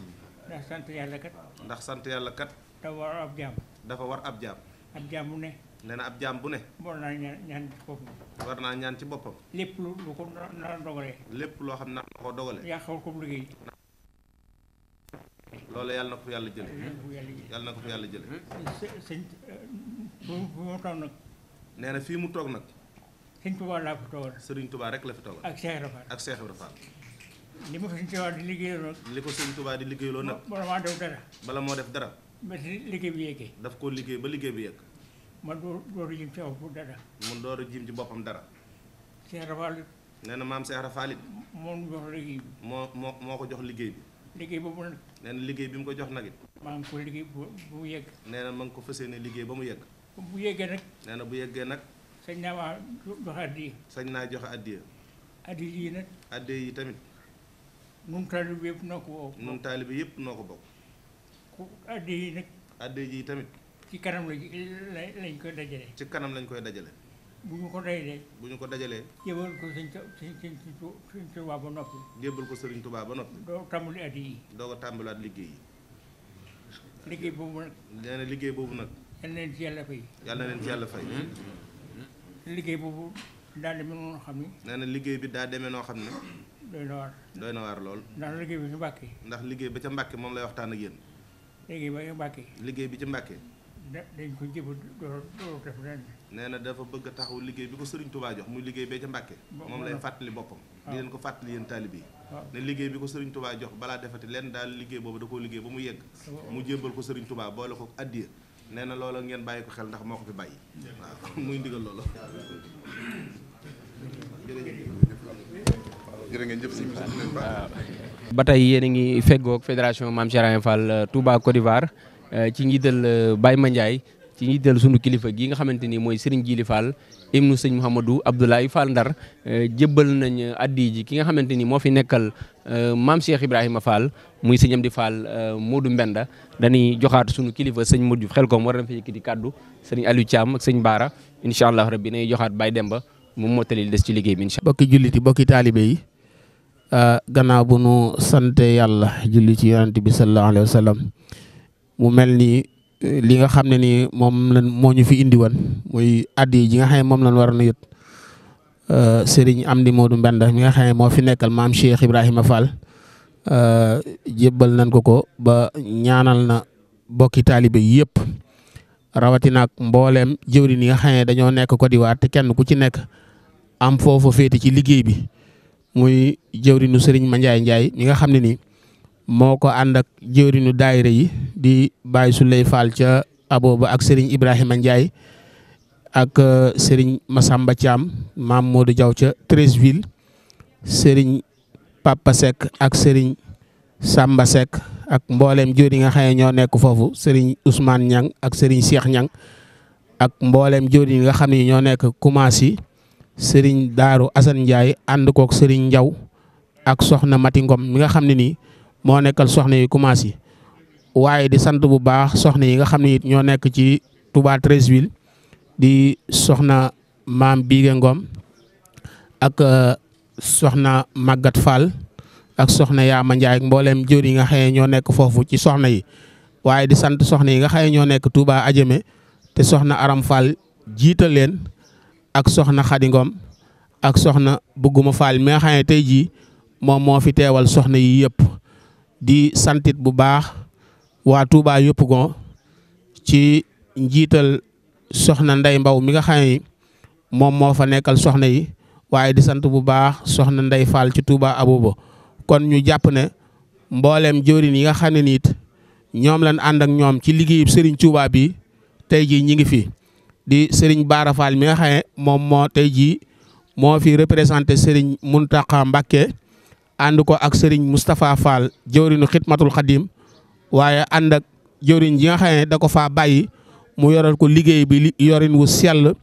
ndax sant yàlla kat. ndax sant yàlla kat. dafa war ab jaam. dafa war ab jaam. ab jaam bu ne. nee na ab jaam bu ne. war naa ñaan ci boppam. war naa ñaan ci boppam. lépp lu lu ko nar a dogalee. lépp loo xam ne nar na koo dogalee. yàqal ko liggéey. loolu yàlla na ko fi yàlla jële yàlla na ko fi yàlla jële sëñ fi mu toog nag nee na fii mu toog nag sëñ Tuubaa laa fi toogal sëriñ Tuubaa rek la fi toogal ak Cheikh Ibra Fall ak Cheikh Ibra Fall li ma sëñ Tuubaa di liggéeyaloon. li ko sëñ Tuubaa di liggéeyaloon nag. bala maa def dara. bala moo def dara. ba liggéey bi yeggee. daf koo liggéey ba liggéey bi yegg. man doo door a jëm ci boppam dara. mun door a ci boppam dara. Cheikh Rafaal. nee na maam Cheikh Rafaal it. moo jox liggéey moo moo moo ko jox liggéey bi. liggéey boobu nag. nee na liggéey bi mu ko jox nag it. maa ngi ko liggéey bu mu yegg. nee na ma ngi ko fas yéene liggéey ba mu yegg. bu yeggee nag. nee na bu yeggee nag. sañ naa maa joxe addiya. sañ naa jox addiya. addiya yi nag. addiya yi tamit. moom taalibe yëpp noo ko woo. moom taalibe yëpp noo ko bokk. ku adde yi nag. adde yi tamit. ci kanam lañ koy dajale. ci kanam lañ koy dajale. bu ñu ko dajalee. bu ñu ko dajalee. jébal ko sëñ sëñ ba noppi. jébal ko sëriñ Tuubaa ba noppi. doo tàmbali adde yi. doo ko tàmbalaat liggéey yi. liggéey boobu nag. nee na liggéey boobu nag. yal na leen yàlla fay. yal na leen yàlla fay. liggéey boobu daa demee noonu xam ne. nee liggéey bi daa demee noo xam ne. doy na waar. lool. ndax liggéey bi ci Mbàkke. ndax liggéey ba ca Mbàkke moom lay waxtaan ak yéen. liggéey ba ca Mbàkke. liggéey bi ci Mbàkke. da dañ ko jëfa door nee na dafa bëgg a taxaw liggéey bi ko sëriñ Touba jox mu liggéey bee ca Mbàkke. moom lay fàttali boppam. di leen ko fàttali yéen taalibe yi. ne liggéey bi ko Serigne Touba jox balaa defati lenn daal liggéey boobu da koo liggéey ba mu yegg. mu jébbal ko Serigne Touba boole ko addiya nee na loola ngeen bàyyi ko xel ndax moo ko fi bàyyi. waaw muy ndigal loola. jërë ngeen tey yéen a ngi feggoog fédération Mame Cheikh Ibrahima Fall euh, Touba d'Ivoire euh, ci njiital euh, Baye Mandiaye ci njiital sunu kilifa gi nga xamante ni mooy Serigne Djili Fall ibnu sëñ Mouhamadou Abdoulaye Fall Ndar jébbal nañ addi ji ki nga xamante ni moo fi nekkal maam Cheikh Ibrahima Fall muy sëñam di Fall Modou Mbenda dañuy joxaat sunu kilifa sëñ Modou xel koom war na fa yëkkati kàddu sëñ Aliou Thiam ak sëñ Baara incha allah rabbi nañuy joxaat Baye Demba moom moo tali ci liggéey bi Euh, gannaaw bu nu sante yàlla julli ci yonent bi sallallahu alayhi mu mel ni euh, li nga xam ne ni moom lañ moo ñu fi indi mooy muy addi ji nga xam ne moom lañ war na yët euh, Serigne Amdi Modou Mbenda mi nga xam ne moo fi nekkal maam Cheikh Ibrahima Fall jébbal nañ ko ko ba ñaanal na bokki taalibe yëpp rawatina ak mbooleem jëwriñ yi nga xam ne dañoo nekk Côte d'Ivoire kenn ku ci nekk am foofu féete ci liggéey bi. muy jëwriñu Serigne Mandiaye Ndiaye mi nga xam ne nii moo ko ànd ak jëwriñu daayira yi di Baye Souley Fall ca Aboba ak Serigne Ibrahima Ndiaye ak euh, Serigne Massamba Thiam maam Modou Diaw ca Treichville Serigne Papa Seck ak Serigne Samba Seck ak mboolem jëwriñ yi nga xam ne ñoo nekk foofu Serigne Ousmane Niang ak Serigne Cheikh Niang ak mboolem jëwriñ yi nga xam ne ñoo nekk Koumassi sëriñ daaro Assane Ndiaye ànd kook sëriñ Ndiaw ak soxna Mati Ngom mi nga xam ne nii moo nekkal soxna yi commencé waaye di sant bu baax soxna yi nga xam ne it ñoo nekk ci Touba Treichville di soxna maam Biige ak euh, soxna Maguette Fall ak soxna Yaama Ndiaye ak mbooleem jur yi nga xëye ñoo nekk foofu ci soxna yi waaye di sant soxna yi nga xëye ñoo nekk Touba Adjamé te soxna Aram Fall jiital leen ak soxna Xadi ak soxna bëgguma faal mi nga tey jii moom moo fi teewal soxna yi yëpp di santit bu baax waa Touba yëpp gon ci njiital soxna Ndey Mbaw mi nga xam ne moom moo fa nekkal soxna yi waaye di sant bu baax soxna Ndey Faal ci Touba Abuba kon ñu jàpp ne mboolem jëwriñ yi nga xam ne niit ñoom lañ ànd ak ñoom ci liggéeyub sëriñ Touba bi tey jii ñi ngi fi di Serigne Bara Fall mi nga xam ne moom moo tey jii moo fi représenté Serigne Mountakha Mbacké ànd ko ak sëriñ Moustapha Fall jëwriñu xidmatul xadim waaye ànd ak jëwriñ ji nga xam ne da ko faa bàyyi mu yoral ko liggéey bi yorin wu sell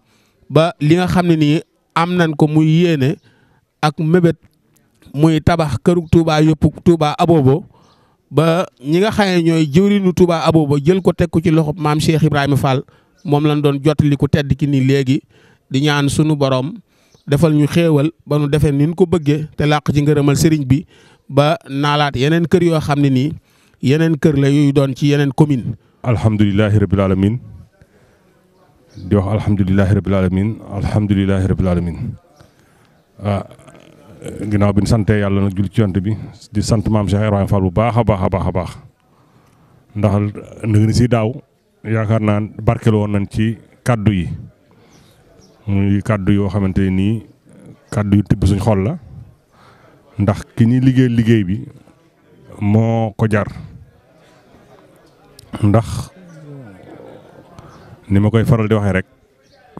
ba li nga xam ne nii am nañ ko muy yéene ak mébét muy tabax këru Touba yëpp Touba Abobo ba ñi nga xam ne ñooy jëwriñu Touba Abobo jël ko teg ko ci loxo maam Cheikh Ibrahima Fall. moom lañ doon jottali ku tedd ki nii léegi di ñaan sunu borom defal ñu xéewal ba nu defee ni ñu ko bëggee te làq ci ngërëmal sëriñ bi ba naalaat yeneen kër yoo xam ne nii yeneen kër la doon ci yeneen commune alhamdulilahi rabil alamin di wax alhamdulilahi rabil alamin alhamdulilahi rabil alamin ah ginnaaw bi ñu sante yàlla nag jul ci yonte bi di sant maam Cheikh Ibrahima Fall bu baax a baax a baax a baax ndax nag si daaw yaakaar naa barkeel woon nañ ci kàddu yi muy kàddu yoo xamante nii kàddu yu tibb suñ xol la ndax ki ñuy liggéey liggéey bi moo ko jar ndax ni ma koy faral di waxee rek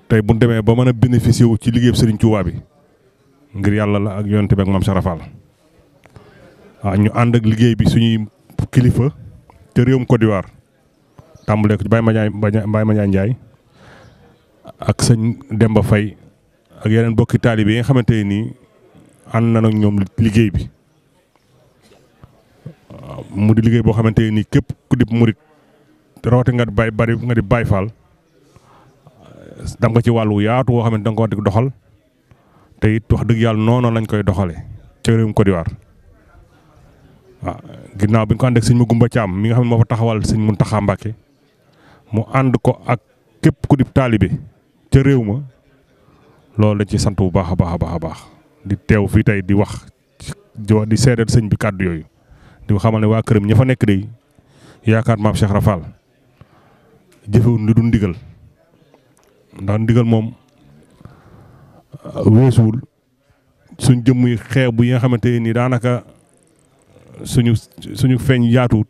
tey bu demee ba mën a bénéficier wu ci liggéey Serigne Touba bi ngir yàlla la ak yoonte bi ak maam Sarafal waaw ñu ànd ak liggéey bi suñuy kilifa te réewum Côte d'Ivoire tàmbalee ko ci Baye Mandiaye Baye Mandiaye Ndiaye ak sëñ Demba Faye ak yeneen bokki taalibe yi nga xamante ne nii ànd na nag ñoom liggéey bi mu di liggéey boo xamante ne nii képp ku di murit rawati nga di bay bari nga di Baye Fall dam nga ci wàllu yaatu woo xam ne da nga ko di doxal te it wax dëgg yàlla noonu lañ koy doxalee ca réewum Côte d'Ivoire waaw ginnaaw bi ñu ko ànd ak sëñ Magoumba Thiam mi nga xam ne moo fa taxawal sëñ Mountakha Mbacké mu ànd ko ak képp ku di taalibe ca réew ma loolu da ci sant bu baax a baax a baax a baax di teew fii tey di wax di seedeel sëñ bi kàddu yooyu di xamal ne waa këram ña fa nekk day yaakaar maam Cheikh Rafal jëfewul li du ndigal ndax ndigal moom uh, weesuwul suñ jëmm yi xeebu yi nga xamante ni daanaka suñu suñu feeñ yaatuwut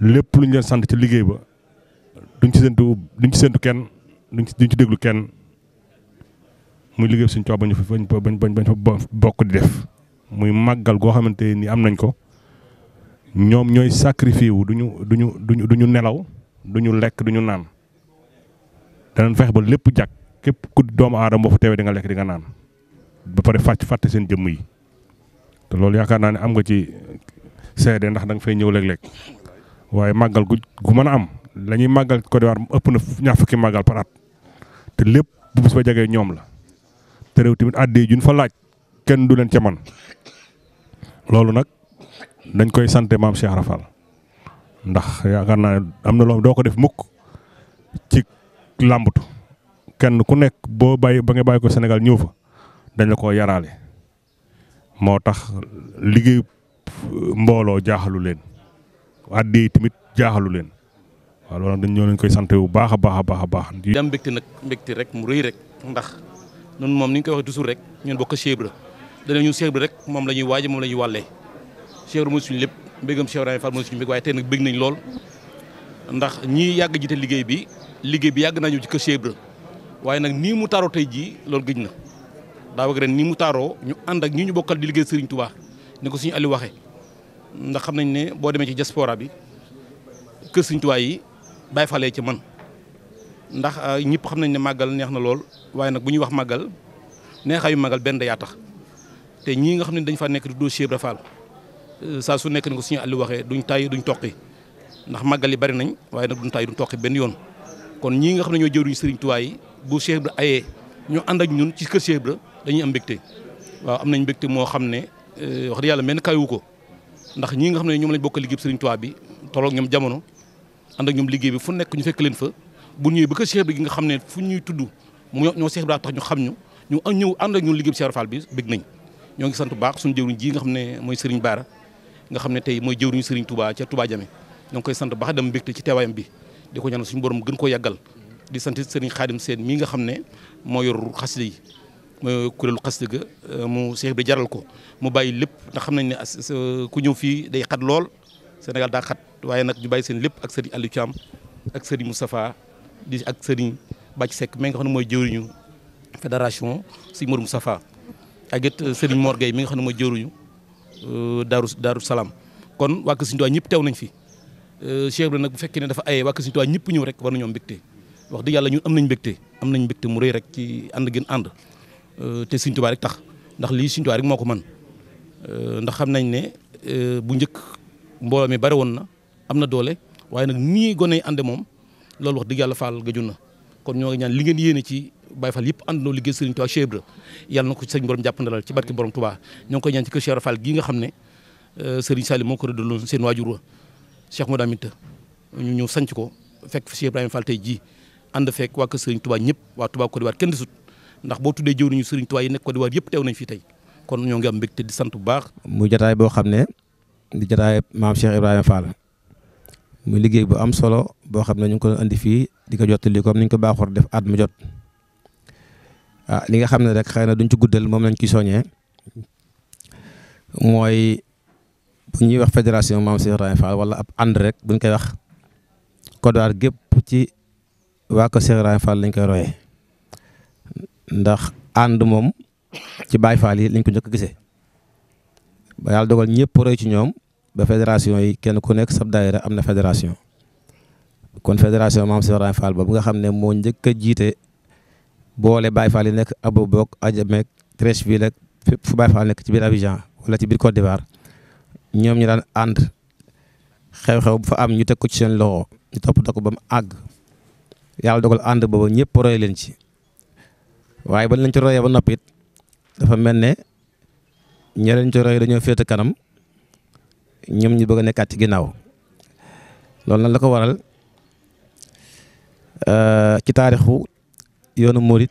lépp lu ñu leen sant ci liggéey ba duñ ci séntu duñ ci séntu kenn duñ ci duñ ci déglu kenn muy liggéey suñ coow bañ fa bañ bañ fa bokk di def muy màggal goo xamante ni am nañ ko ñoom ñooy sacrifice wu duñu duñu duñu duñu nelaw duñu lekk duñu naan danañ fexe ba lépp jàkk képp ku doomu aadama boo fa teewee di nga lekk di nga naan ba pare fàcc fàtte seen jëmm yi te loolu yaakaar naa ne am nga ci seede ndax da nga fay ñëw léeg-léeg waaye màggal gu gu mën a am la ñuy màggal Côte ëpp na ñaar fukki màggal par at te lépp bu bis ba jagee ñoom la te réew tamit àddee juñ fa laaj kenn du leen ca man loolu nag dañ koy sant maam Cheikh Rafal ndax yaakaar naa ne am na loo doo ko def mukk ci làmbatu kenn ku nekk boo bàyyi ba nga bàyyi ko Sénégal ñëw fa dañ la ko yaraale moo tax liggéey mbooloo jaaxalu leen àddee tamit jaaxalu leen waaw dañ ñoo leen koy bu baax a a baax a baax. di am mbégte nag mbégte rek mu rëy rek ndax ñun moom ni ñu koy waxee toujours rek ñun bokk Cheikh Ibra danañu Cheikh Ibra rek moom la ñuy waaj moom la ñuy wàllee Cheikh Ibra lépp mbégam Cheikh Ibrahima Fall mooy suñu mbég waaye tey nag bég nañ lool ndax ñii yàgg jiite liggéey bi liggéey bi yàgg nañu ci kër Cheikh waaye nag nii mu taaroo tey jii loolu gëj na daa wag ren nii mu taaroo ñu ànd ak ñi ñu bokkal di liggéey Serigne Touba ni ko suñu Aliou waxee ndax xam nañ ne boo demee ci diaspora bi kër Serigne Touba yi Baay Faal ci man ndax euh, ñëpp xam nañ ne màggal neex na lool waaye nag bu ñuy wax màggal neexaayu màggal benn yaa tax te ñii nga xam ne dañ fa nekk di dossier Ibra Faal euh, saa su nekk ni ko suñu àlli waxee duñ tàyyi duñ toqi ndax màggal yi bari nañ waaye nag duñ tàyyi duñ toqi benn yoon kon ñii nga xam ne ñoo jëwriñu Sëriñ Tuubaa yi bu Cheikh Ibra ayee ñu ànd ak ñun ci kër Cheikh Ibra dañuy am mbégte waaw am nañ mbégte moo xam ne euh, wax dëgg yàlla mel ni kayiwu ko ndax ñii nga xam ne ñoom lañ bokk liggéey Sëriñ Tuubaa bi tolloog ñoom jamono ànd ak ñoom liggéey bi fu nekk ñu fekk leen fa bu ñëwee ba kër nga xam ne fu ñuy tudd mu ñoo Cheikh Ibrahima tax ñu xam ñu ñu ñëw ànd ak ñun liggéey bi Cheikh Fall bi bëgg nañ ñoo ngi sant baax suñu jëwriñ ji nga xam ne mooy Serigne Bara nga xam ne tey mooy jëwriñu Serigne Touba ca Touba Jame ñoo ngi koy sant baax dem mbégte ci teewaayam bi di ko ñaanal suñu borom gën koo yàggal di sant Serigne Khadim seen mii nga xam ne moo yor xasida yi mooy kuréelu xasida ga euh, mu Cheikh jaral ko mu bàyyi lépp ndax xam nañ ne euh, ku ñëw fii day xat lool Sénégal daa xat waaye nag ñu bàyyi seen lépp ak sëriñ Aliou Thiam ak sëriñ Moustapha di ak sëriñ Bàcc Seck mi nga xam ne mooy jëwriñu fédération si Mourou Moustapha ak it sëriñ Mor mi nga xam ne mooy jëwriñu euh, Daaru Daaru Salaam kon waa Kër Sëriñ Tuubaa ñëpp teew nañ fi euh, Cheikh bi nag bu fekkee ne dafa aye waa sintoo Sëriñ Tuubaa ñëpp ñëw rek war nañoo mbégte wax dëgg yàlla ñun am nañ mbégte am nañ mbégte mu rëy rek ci ànd gin ànd euh, te Sëriñ Tuubaa rek tax ndax lii Sëriñ Tuubaa rek moo ko man ndax xam nañ ne bu njëkk mbooloo mi bari woon na am na doole waaye nag nii gone yi ànde moom loolu wax dëgg yàlla faal gëju na kon ñoo ngi ñaan li ngeen yéene ci Baye yëpp àndandoo liggéey Serigne Touba Cheikh na ko sëñ borom jàppandalal ci barke borom Touba ñoo ngi koy ñaan ci kër Cheikh Fall gii nga xam ne euh, Serigne Salim moo ko rëddaloon ñu ñëw sanc ko fekk fi Cheikh Ibrahima tey jii ànd fekk waa kër Serigne Touba ñëpp waa Touba Côte d'Ivoire kenn desut ndax boo tuddee jëw nañu Serigne Touba yi nekk Côte d'Ivoire yëpp teew nañ fi tey kon ñoo ngi am mbégte di sant bu baax. muy jotaay boo xam ne di jotaay maam Cheikh Ibrahima Fall mu liggéey bu am solo boo xam ne ñu ngi ko indi fii di ko jottali comme ni ñu ko baaxoor def at mu jot ah li nga xam ne rek xëy na duñ ci guddal moom lañ koy soññee mooy bu ñuy wax fédération Mame Cheikh Ibrahima Fall wala ab ànd rek buñ koy wax Kodar gépp ci waa ko Cheikh Ibrahima lañ koy royee ndax ànd moom ci Baye Fall yi lañ ko njëkk gisee ba yàlla dogal ñëpp roy ci ñoom. ba fédération yi kenn ku nekk sab daayira am na fédération kon fédération maam si Ibrahima Fall ba bu nga xam ne moo njëkk a jiite boole baay Fall yi nekk Aboubok Adjamek Treichville ak fépp fu Baye Fall nekk ci biir Abidjan wala ci biir Côte d'Ivoire ñoom ñu daan ànd xew-xew bu fa am ñu teg ko ci seen loxo ñu toppatoo ko ba mu àgg yàlla dogal ànd booba ñëpp leen ci waaye ba lañ ci royee ba noppi it dafa mel ne ña leen dañoo féete kanam. ñoom ñu bëgg a nekkaat ci ginnaaw loolu na la ko waral euh, ci taarixu yoonu murit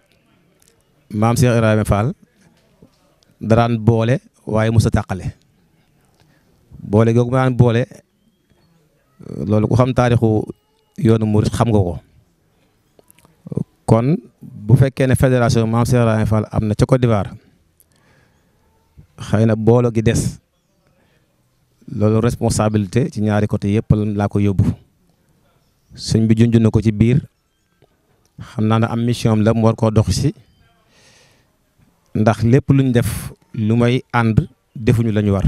maam Cheikh Ibrahima Fall daraan boole waaye musa tàqale boole googu mu daan boole loolu ku xam taarixu yoonu murit xam nga ko kon bu fekkee ne fédération maam Cheikh Ibrahima am na ca Côte d'Ivoire xëy na boolo gi des loolu responsabilité ci ñaari côté yëpp laa ko yóbbu sëñ bi junj na ko ci biir xam naa ne am mission la mu war koo dox si ndax lépp luñ def lu may ànd defuñu la ñu war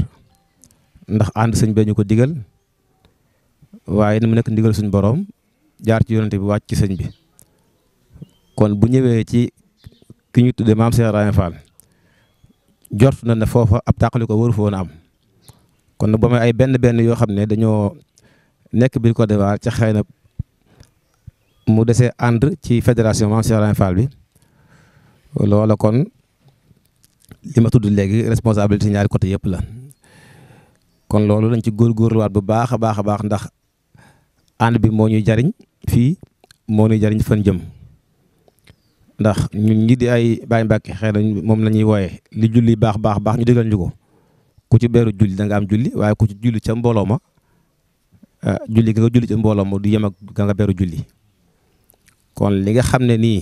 ndax ànd sëñ bee ñu ko digal waaye ni mu nekk ndigal suñ boroom jaar ci yonante bi wàcc ci sëñ bi kon bu ñëwee ci ki ñu tuddee maam Cheikh Ibrahima Fall jort na ne foofa ab tàqali ko waru fa a am kon nag ba ay benn benn yoo xam ne dañoo nekk biir Côte d'Ivoire ca xëy na mu desee ànd ci fédération Mame Cheikh Ibrahima Fall bi loola kon li ma tudd léegi responsabilité ñaari côté yëpp la kon loolu lañ ci góorgóorluwaat bu baax a baax a baax ndax ànd bi moo ñuy jariñ fii moo ñuy jariñ fan jëm ndax ñun ñi di ay Baye Mbacke xëy na moom la ñuy wooye li julli baax baax baax ñu digal ñu ko ku ci beeru julli da nga am julli waaye ku ci julli ca mbooloo ma ah, julli ga nga julli ca mbooloo ma du yem ak ga nga beeru julli kon li nga xam ne nii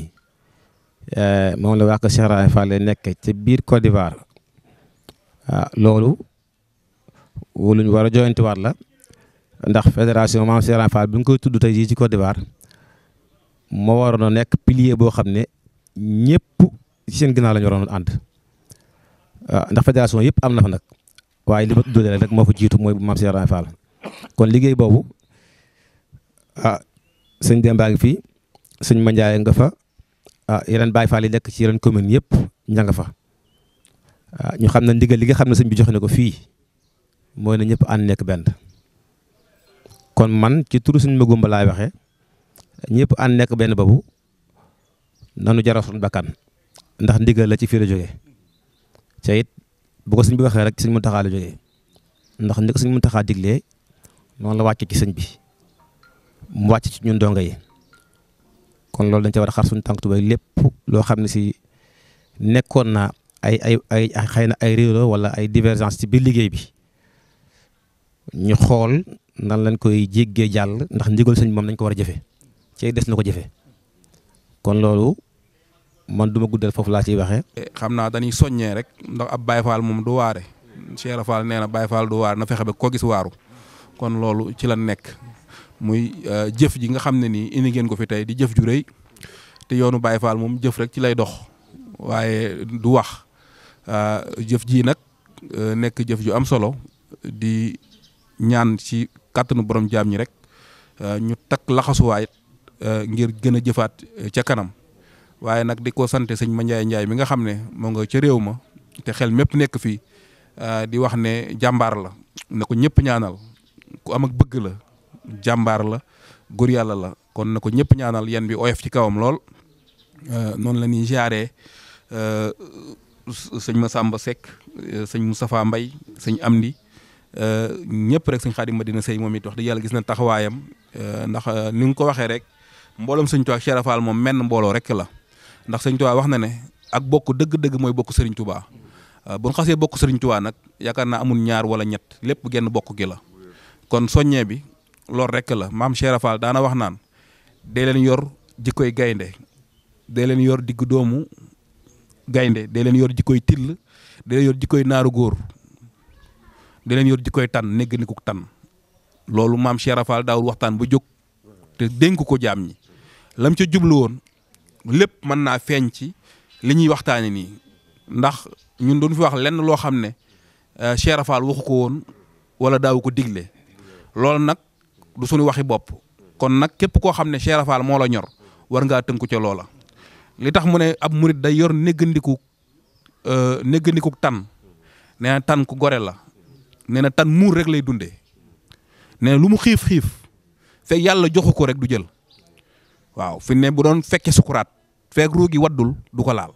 eh, moom la wax ko Cheikh Rafahi Fall ca biir Côte d'Ivoire waaw ah, loolu wuluñ war a joyantiwaat la ndax fédération maam Cheikh Rafahi bi nga koy tudd tey jii ci Côte d'Ivoire moo waroon a nekk pilier boo xam ne ñëpp seen ginnaaw la ñu waroon ànd ah, ndax fédération yëpp am na fa nag waaye li ma tuddee rek moo fa jiitu mooy bu maam Cheikh Ibra Fall kon liggéey boobu ah sëñ Demba ngi fii sëñ Mandiaye nga fa ah yeneen Baye Fall yi nekk ci yeneen commune yëpp ña nga fa ah, ñu xam ne ndigal li nga xam ne sëñ bi joxe ko fii mooy na ñëpp ànd nekk benn kon man ci turu sëñ Magumba laay waxee benn boobu nanu jaral suñu bakkan ndax ndigal la ci fii la jógee te bu ko sëñ bi waxee rek sëñ Muntaxa la jógee ndax ni ko sëñ Muntaxa diglee noonu la wàcce ci sëñ bi mu wàcc ci ñun donga yi kon loolu dañ ca war a xar suñ tànk tubay lépp loo xam ne si nekkoon na ay ay ay xëy na ay réero wala ay divergence ci biir liggéey bi ñu xool nan lañ koy jéggee jàll ndax ndigal sëñ bi moom nañ ko war a jëfe ci des na ko jëfe kon loolu man du ma guddal foofu laa ciy waxe eh, xam naa dañuy soññee rek ndax ab Baye Fall moom du waare Cheikh Fall nee na Baye du waare na fexe ba ko gis waaru kon loolu ci la nekk muy eh, jëf ji nga xam ne nii indi ngeen ko fi tey di jëf ju rëy te yoonu Baye moom jëf rek ci lay dox waaye du wax eh, jëf ji nag nekk jëf ju am solo di ñaan ci kàttanu borom jaam ñi rek ñu takk laxasuwaay ngir gën a jëfaat ca kanam. waaye nag di ko sant sëñ Mandiaye Ndiaye mi nga xam ne moo nga ca réew ma te xel mépp nekk fii ah, di wax ne jàmbaar la na ko ñëpp ñaanal ku am ak bëgg la jàmbaar la góor yàlla la kon na ko ñëpp ñaanal yan bi oyof ci kawam lool ah, noonu la ñuy jaaree ah, sëñ Massamba Seck sëñ mbay Mbaye am ndi ñëpp rek sëñ Xaadim dina Sey moom it wax dëgg yàlla gis na taxawaayam ndax ni nga ko waxee rek mbooloom sëñ Tuubaa ak moom menn mbooloo rek la ndax sëñ Tuubaa wax na ne ak bokk dëgg-dëgg mooy bokk sëriñ tubaa euh, bu ñu xasee bokk sëriñ Tuubaa nag yaakaar naa amul ñaar wala ñett lépp genn bokk gi la kon soññee bi loolu rek la maam Cheikh Fall daana wax naan dee yor jikkoy gaynde dee leen yor digg doomu gaynde dee leen yor jikkoy till dee leen yor jikkoy naaru góor dee leen yor jikkoy tan négg ni ku tan loolu maam Cheikh Fall daawul waxtaan bu jóg te dénk ko jaam ñi lam ca jublu woon lépp mën naa feeñ ci li ñuy waxtaanee nii ndax ñun doon fi wax lenn loo xam ne euh, Cheikh Rafal waxu ko woon wala daawu ko digle loolu nag du suñu waxi bopp kon nag képp koo xam ne Cheikh Rafal moo la ñor war ngaa tënku ca loola. li tax mu ne ab murit day yor néggandiku euh, néggandiku tan nee na tan ku gore la nee na tan muur rek lay dundee nee lu mu xiif xiif fekk yàlla joxu ko rek du jël waaw fi ne bu doon fekkee sukuraat feeg ruugi waddul du ko laal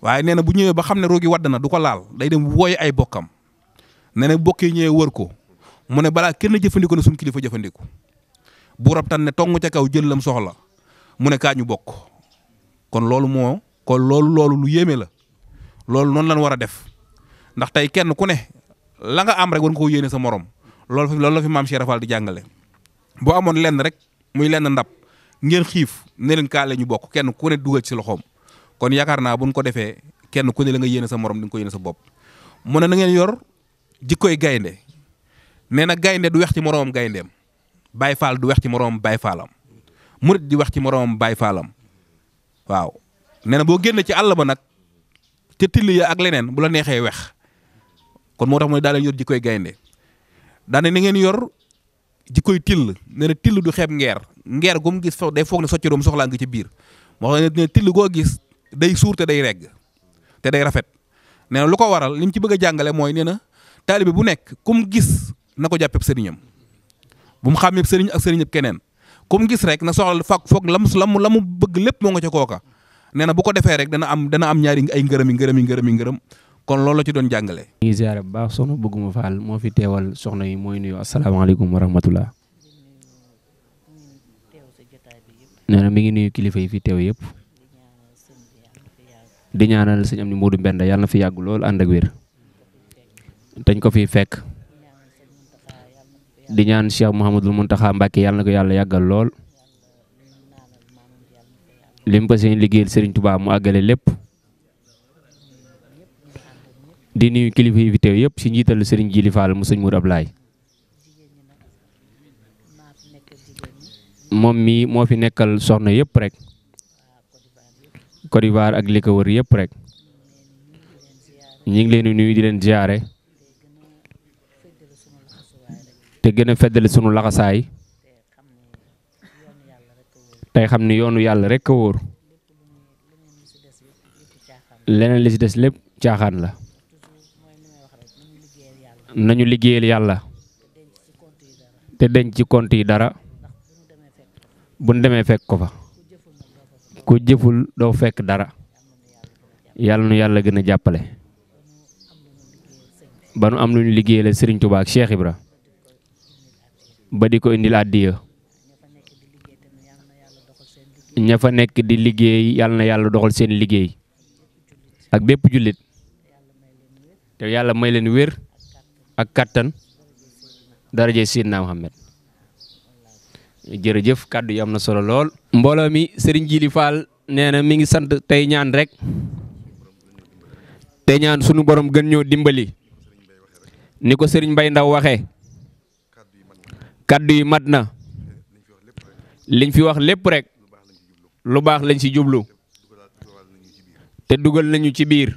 waaye nee na bu ñëwee ba xam ne ruugi wadd na du ko laal day dem wooye ay bokkam nee na bokk yi ñëwee wër ko mu ne balaa kenn jëfandikoo ne suñu kilifa jëfandiku bu rab tan ne tong ca kaw jël lam soxla mu ne kaa ñu bokk kon loolu moo kon loolu loolu lu yéeme la loolu noonu lañ war a def ndax tey kenn ku ne la nga am rek war nga ko yéene sa morom loolu loolu la fi maam Cheikh di jàngale boo amoon lenn rek muy lenn ndab ngeen xiif ne leen kaale ñu bokk kenn ku ne dugal ci loxoom kon yaakaar naa bu ñu ko defee kenn ku ne la nga yéene sa morom di nga ko sa bopp. mu ne na ngeen yor jikkoy gaynde nee na gaynde du weex ci moromam gayndeem Baay Faal du wex ci moromam Baay Faalam murit ji wax ci moromam Baay Faalam waaw nee na boo génne ci àll ba nag te till ya ak leneen bu la neexee wex kon moo tax mu ne daa leen yor jikkoy gaynde daa ne na ngeen yor. ji koy till nee till du xeeb ngeer ngeer gu mu gis fo day foog ne soccorom soxlaa a ci biir moo xam ne till goo gis day suur te day regg te day rafet nee na lu ko waral li mu ci bëgg jàngale mooy nee na taalibe bu nekk ku gis na ko jàppee sëriñam bu mu xàmmee sëriñ ak sëriñ keneen ku gis rek na soxla foog foog la mu la bëgg lépp moo nga ca kooka nee na defee rek dana am dana am ñaari ay ngërëm i ngërëm yi ngërëm yi ngërëm kon loolu la ci doon jàngale. ñu ngi ziare bu baax soxna bëgguma faal moo fi teewal soxna yi mooy nuyu asalaamaaleykum wa rahmatullah. nee na ngi nuyu kilifa yi fi teew yëpp. di ñaanal sëñ am ni Modou Mbenda yàlla na fi yàgg lool ànd ak wér. dañ ko fi fekk. di ñaan Cheikh Mouhamadul Mountakha Mbacke yàlla na ko yàlla yàggal lool. lim ko seen liggéeyal Serigne mu àggale lépp. di nuyu kilifa yi fi teew yëpp ci njiitalu Serigne Djily Fall mu sëñ Mour Ablaye moom mii moo fi nekkal soxna yëpp rek Côte ak li ko wër yépp rek ñu ngi leen di nuyu di leen ziare te gën a feddali sunu laxasaay tey xam ni yoonu yàlla rek a wóor leneen li ci des lépp caaxaan la. nañu liggéeyal yàlla te denc ci compte yi dara bu nu demee fekk ko fa ku jëful doo fekk dara yàlla nu yàlla gën a jàppale ba nu am lu ñu liggéeyale Sëriñ Tuubaa ak Cheikh Ibra ba di ko indil àddiya ña fa nekk di liggéey yàlla na yàlla doxal seen liggéey ak bépp jullit te yàlla may leen wér ak kattan daraje na Muhammad jërëjëf kàddu yi am na solo lool. mbooloo mi Serigne Djili Fall nee na mi ngi sant tey ñaan rek tey ñaan sunu borom gën ñoo dimbali ni ko sëriñ Mbaye Ndaw waxe kàddu yi mat na liñ fi wax lépp rek lu baax lañ ci jublu te dugal nañu ci biir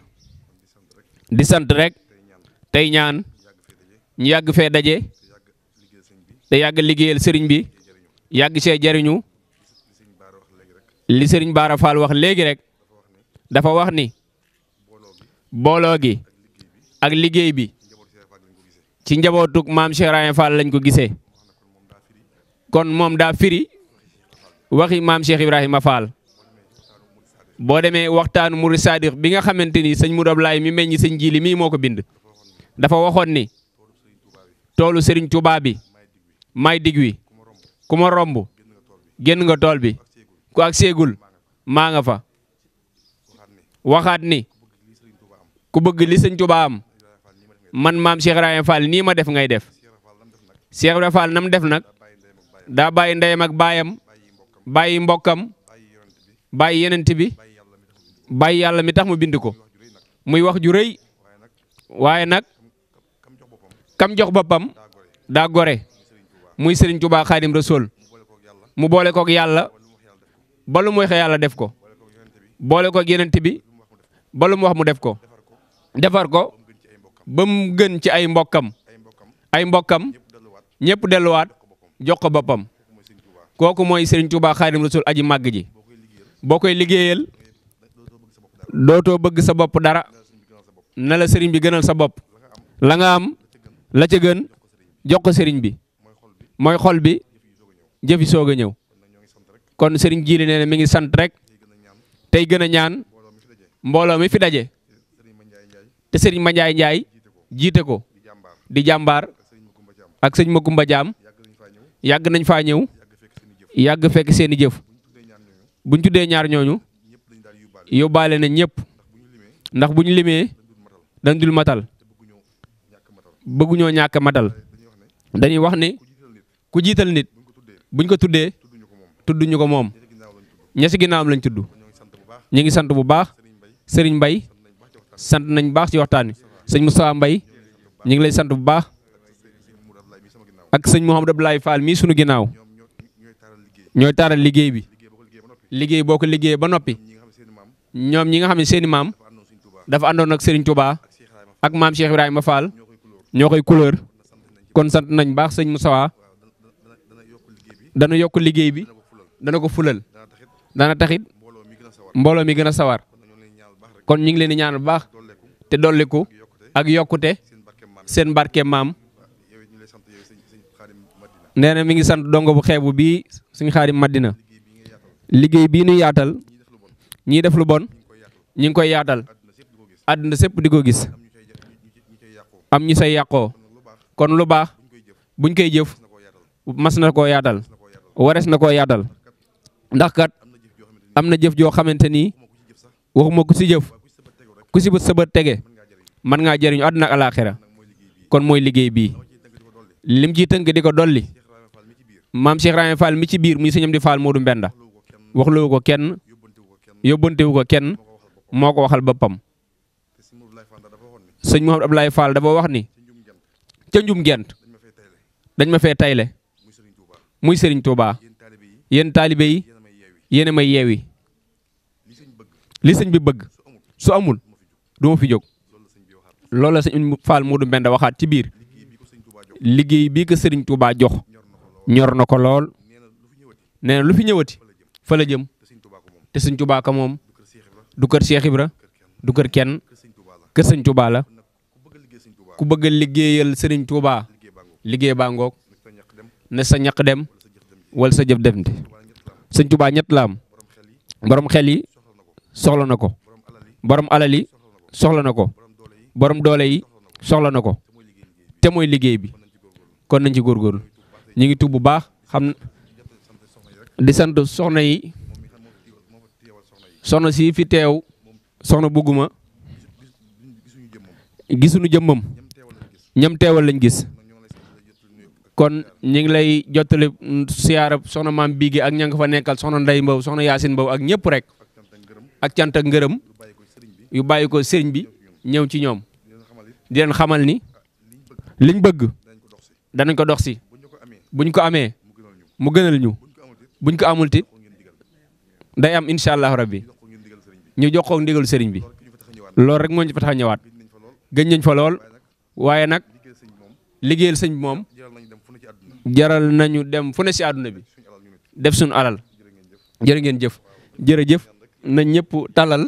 di sant rek tey ñaan ñu yàgg fee daje te yàgg liggéeyal sëriñ bi yàgg see jariñu li sëriñ Bara Fall wax léegi rek dafa wax ni booloo gi ak liggéey bi ci njabootug maam Cheikh Ibra Fall lañ ko gisee kon moom daa firi waxi maam Cheikh Ibrahima Fall boo demee waxtaanu Murid Sadiq bi nga xamante ni sëñ Mourad Laay mi meññ sëñ Jili mii moo ko bind dafa waxoon ni. toolu Serigne Touba bi may dig wi ku ma romb génn nga tool bi ku ak seegul maa nga fa waxaat ni ku bëgg li sëñ Touba am man maam Cheikh Ibrahima nii ma def ngay def Cheikh Ibrahima Fall nam def nag daa bàyyi ndeyam ak baayam bàyyi mbokkam bàyyi yenent bi bàyyi yàlla mi tax mu bind ko muy wax ju rëy waaye nag kam jox boppam daa gore muy Serigne Touba Xaadim Rasool mu boole kook yàlla ba lu mu waxee yàlla def ko boole kook yenent bi ba lu mu wax mu def ko defar ko ba mu gën ci ay mbokkam ay mbokkam ñëpp delluwaat jox ko boppam kooku mooy Serigne Touba Xaadim Rasool aji màgg ji boo koy liggéeyal dootoo bëgg sa bopp dara na la sëriñ bi gënal sa bopp la la ca gën jox ko sëriñ bi mooy xol bi jëf yi soog a ñëw kon sëriñ jiili nee na mi ngi sant rek tey gën a ñaan mbooloo mi fi daje te sëriñ Mandiaye Ndiaye jiite ko di jàmbaar ak sëñ Makumba Jaam yàgg nañ faa ñëw yàgg fekk seeni jëf buñ tuddee ñaar ñooñu yóbbaale nañ ñëpp ndax bu ñu limee dañ dul matal bëgguñoo ñàkk matal dañuy wax ni ku jiital nit buñ ko tuddee tudd ñu ko moom ña si ginnaawam lañ tudd ñu ngi sant bu baax Serigne Mbaye sant nañ baax ci waxtaan wi sëñ Moustapha mbay ñu ngi lay sant bu baax ak sëñ Mouhamadou Abdoulaye Fall mii sunu ginnaaw ñooy taaral liggéey bi liggéey boo ko liggéeyee ba noppi ñoom ñi nga xam ne seeni maam dafa àndoon ak Serigne Touba ak maam Cheikh Ibrahima Fall. ñoo koy couleur kon sant nañ baax sëñ Moussa dana yokk liggéey bi dana ko fulal dana taxit mbooloo mi gën a sawar kon ñu ngi leen di ñaan bu baax te dolliku ak yokkute seen barke maam nee na mi ngi sant dongo bu xeebu bii suñ xaarim Madina liggéey bii nu yaatal ñii def lu bon ñi ngi koy yaatal àdduna sépp di ko gis am ñu say yàqoo kon lu baax buñ koy jëf mas na koo yaatal warees na koo yaatal ndax kat am na jëf joo xamante ni waxuma ku si jëf ku si bët sëbët tege mën ngaa jëriñu àdduna ak alaaxira kon mooy liggéey bii. lim ciy tënk di ko dolli maam Cheikh Rahane Fall mi ci biir muy sëñam di Fall Modou Mbenda waxloo ko kenn yóbbantewu ko kenn moo ko waxal boppam. sëñ Mouhamed Abdoulaye Fall dafa wax ni ca njum gent dañ ma fee tayle muy sëriñ Touba yéen taalibe yi yéen a may yeewi li sëñ bi bëgg su amul du ma fi jóg loolu la sëñ Fall Modou Mbenda waxaat ci biir liggéey bii ko sëriñ Touba jox ñor na ko lool nee na lu fi ñëwati fa la jëm te sëñ Touba ka moom du kër Cheikh Ibra du kër kenn kër sëñ Touba la ku bëgg a liggéeyal sëriñ Touba liggéey baa ngoog ne sa ñaq dem wala sa jëf dem di sëñ Touba ñett la am borom xel yi soxla na ko borom alal yi soxla na ko borom doole yi soxla na ko te mooy liggéey bi kon nañ ci góorgóorlu ñu ngi tub bu baax xam di sant soxna yi soxna si fi teew soxna bugguma gisuñu jëmmam ñam teewal lañ gis kon ñu ngi lay jottali siyaara soxna maam Biége ak ña nga fa nekkal soxna nday Mbow soxna Yacine Mbow ak ñëpp rek ak cant ak ngërëm yu bàyyi ko sëriñ bi ñëw ci ñoom di leen xamal ni liñ bëgg danañ ko dox si buñ ko amee mu gënal ñu buñ ko amul tit day am incha allah rabbi ñu jox ko ndigalu sëriñ bi loolu rek moo ñu fa tax ñëwaat. gëj nañ fa lool waaye nag liggéeyal sëñ bi moom jaral nañu dem fu ne si àdduna bi def suñu alal jërë ngeen jëf jërëjëf nañ ñëpp talal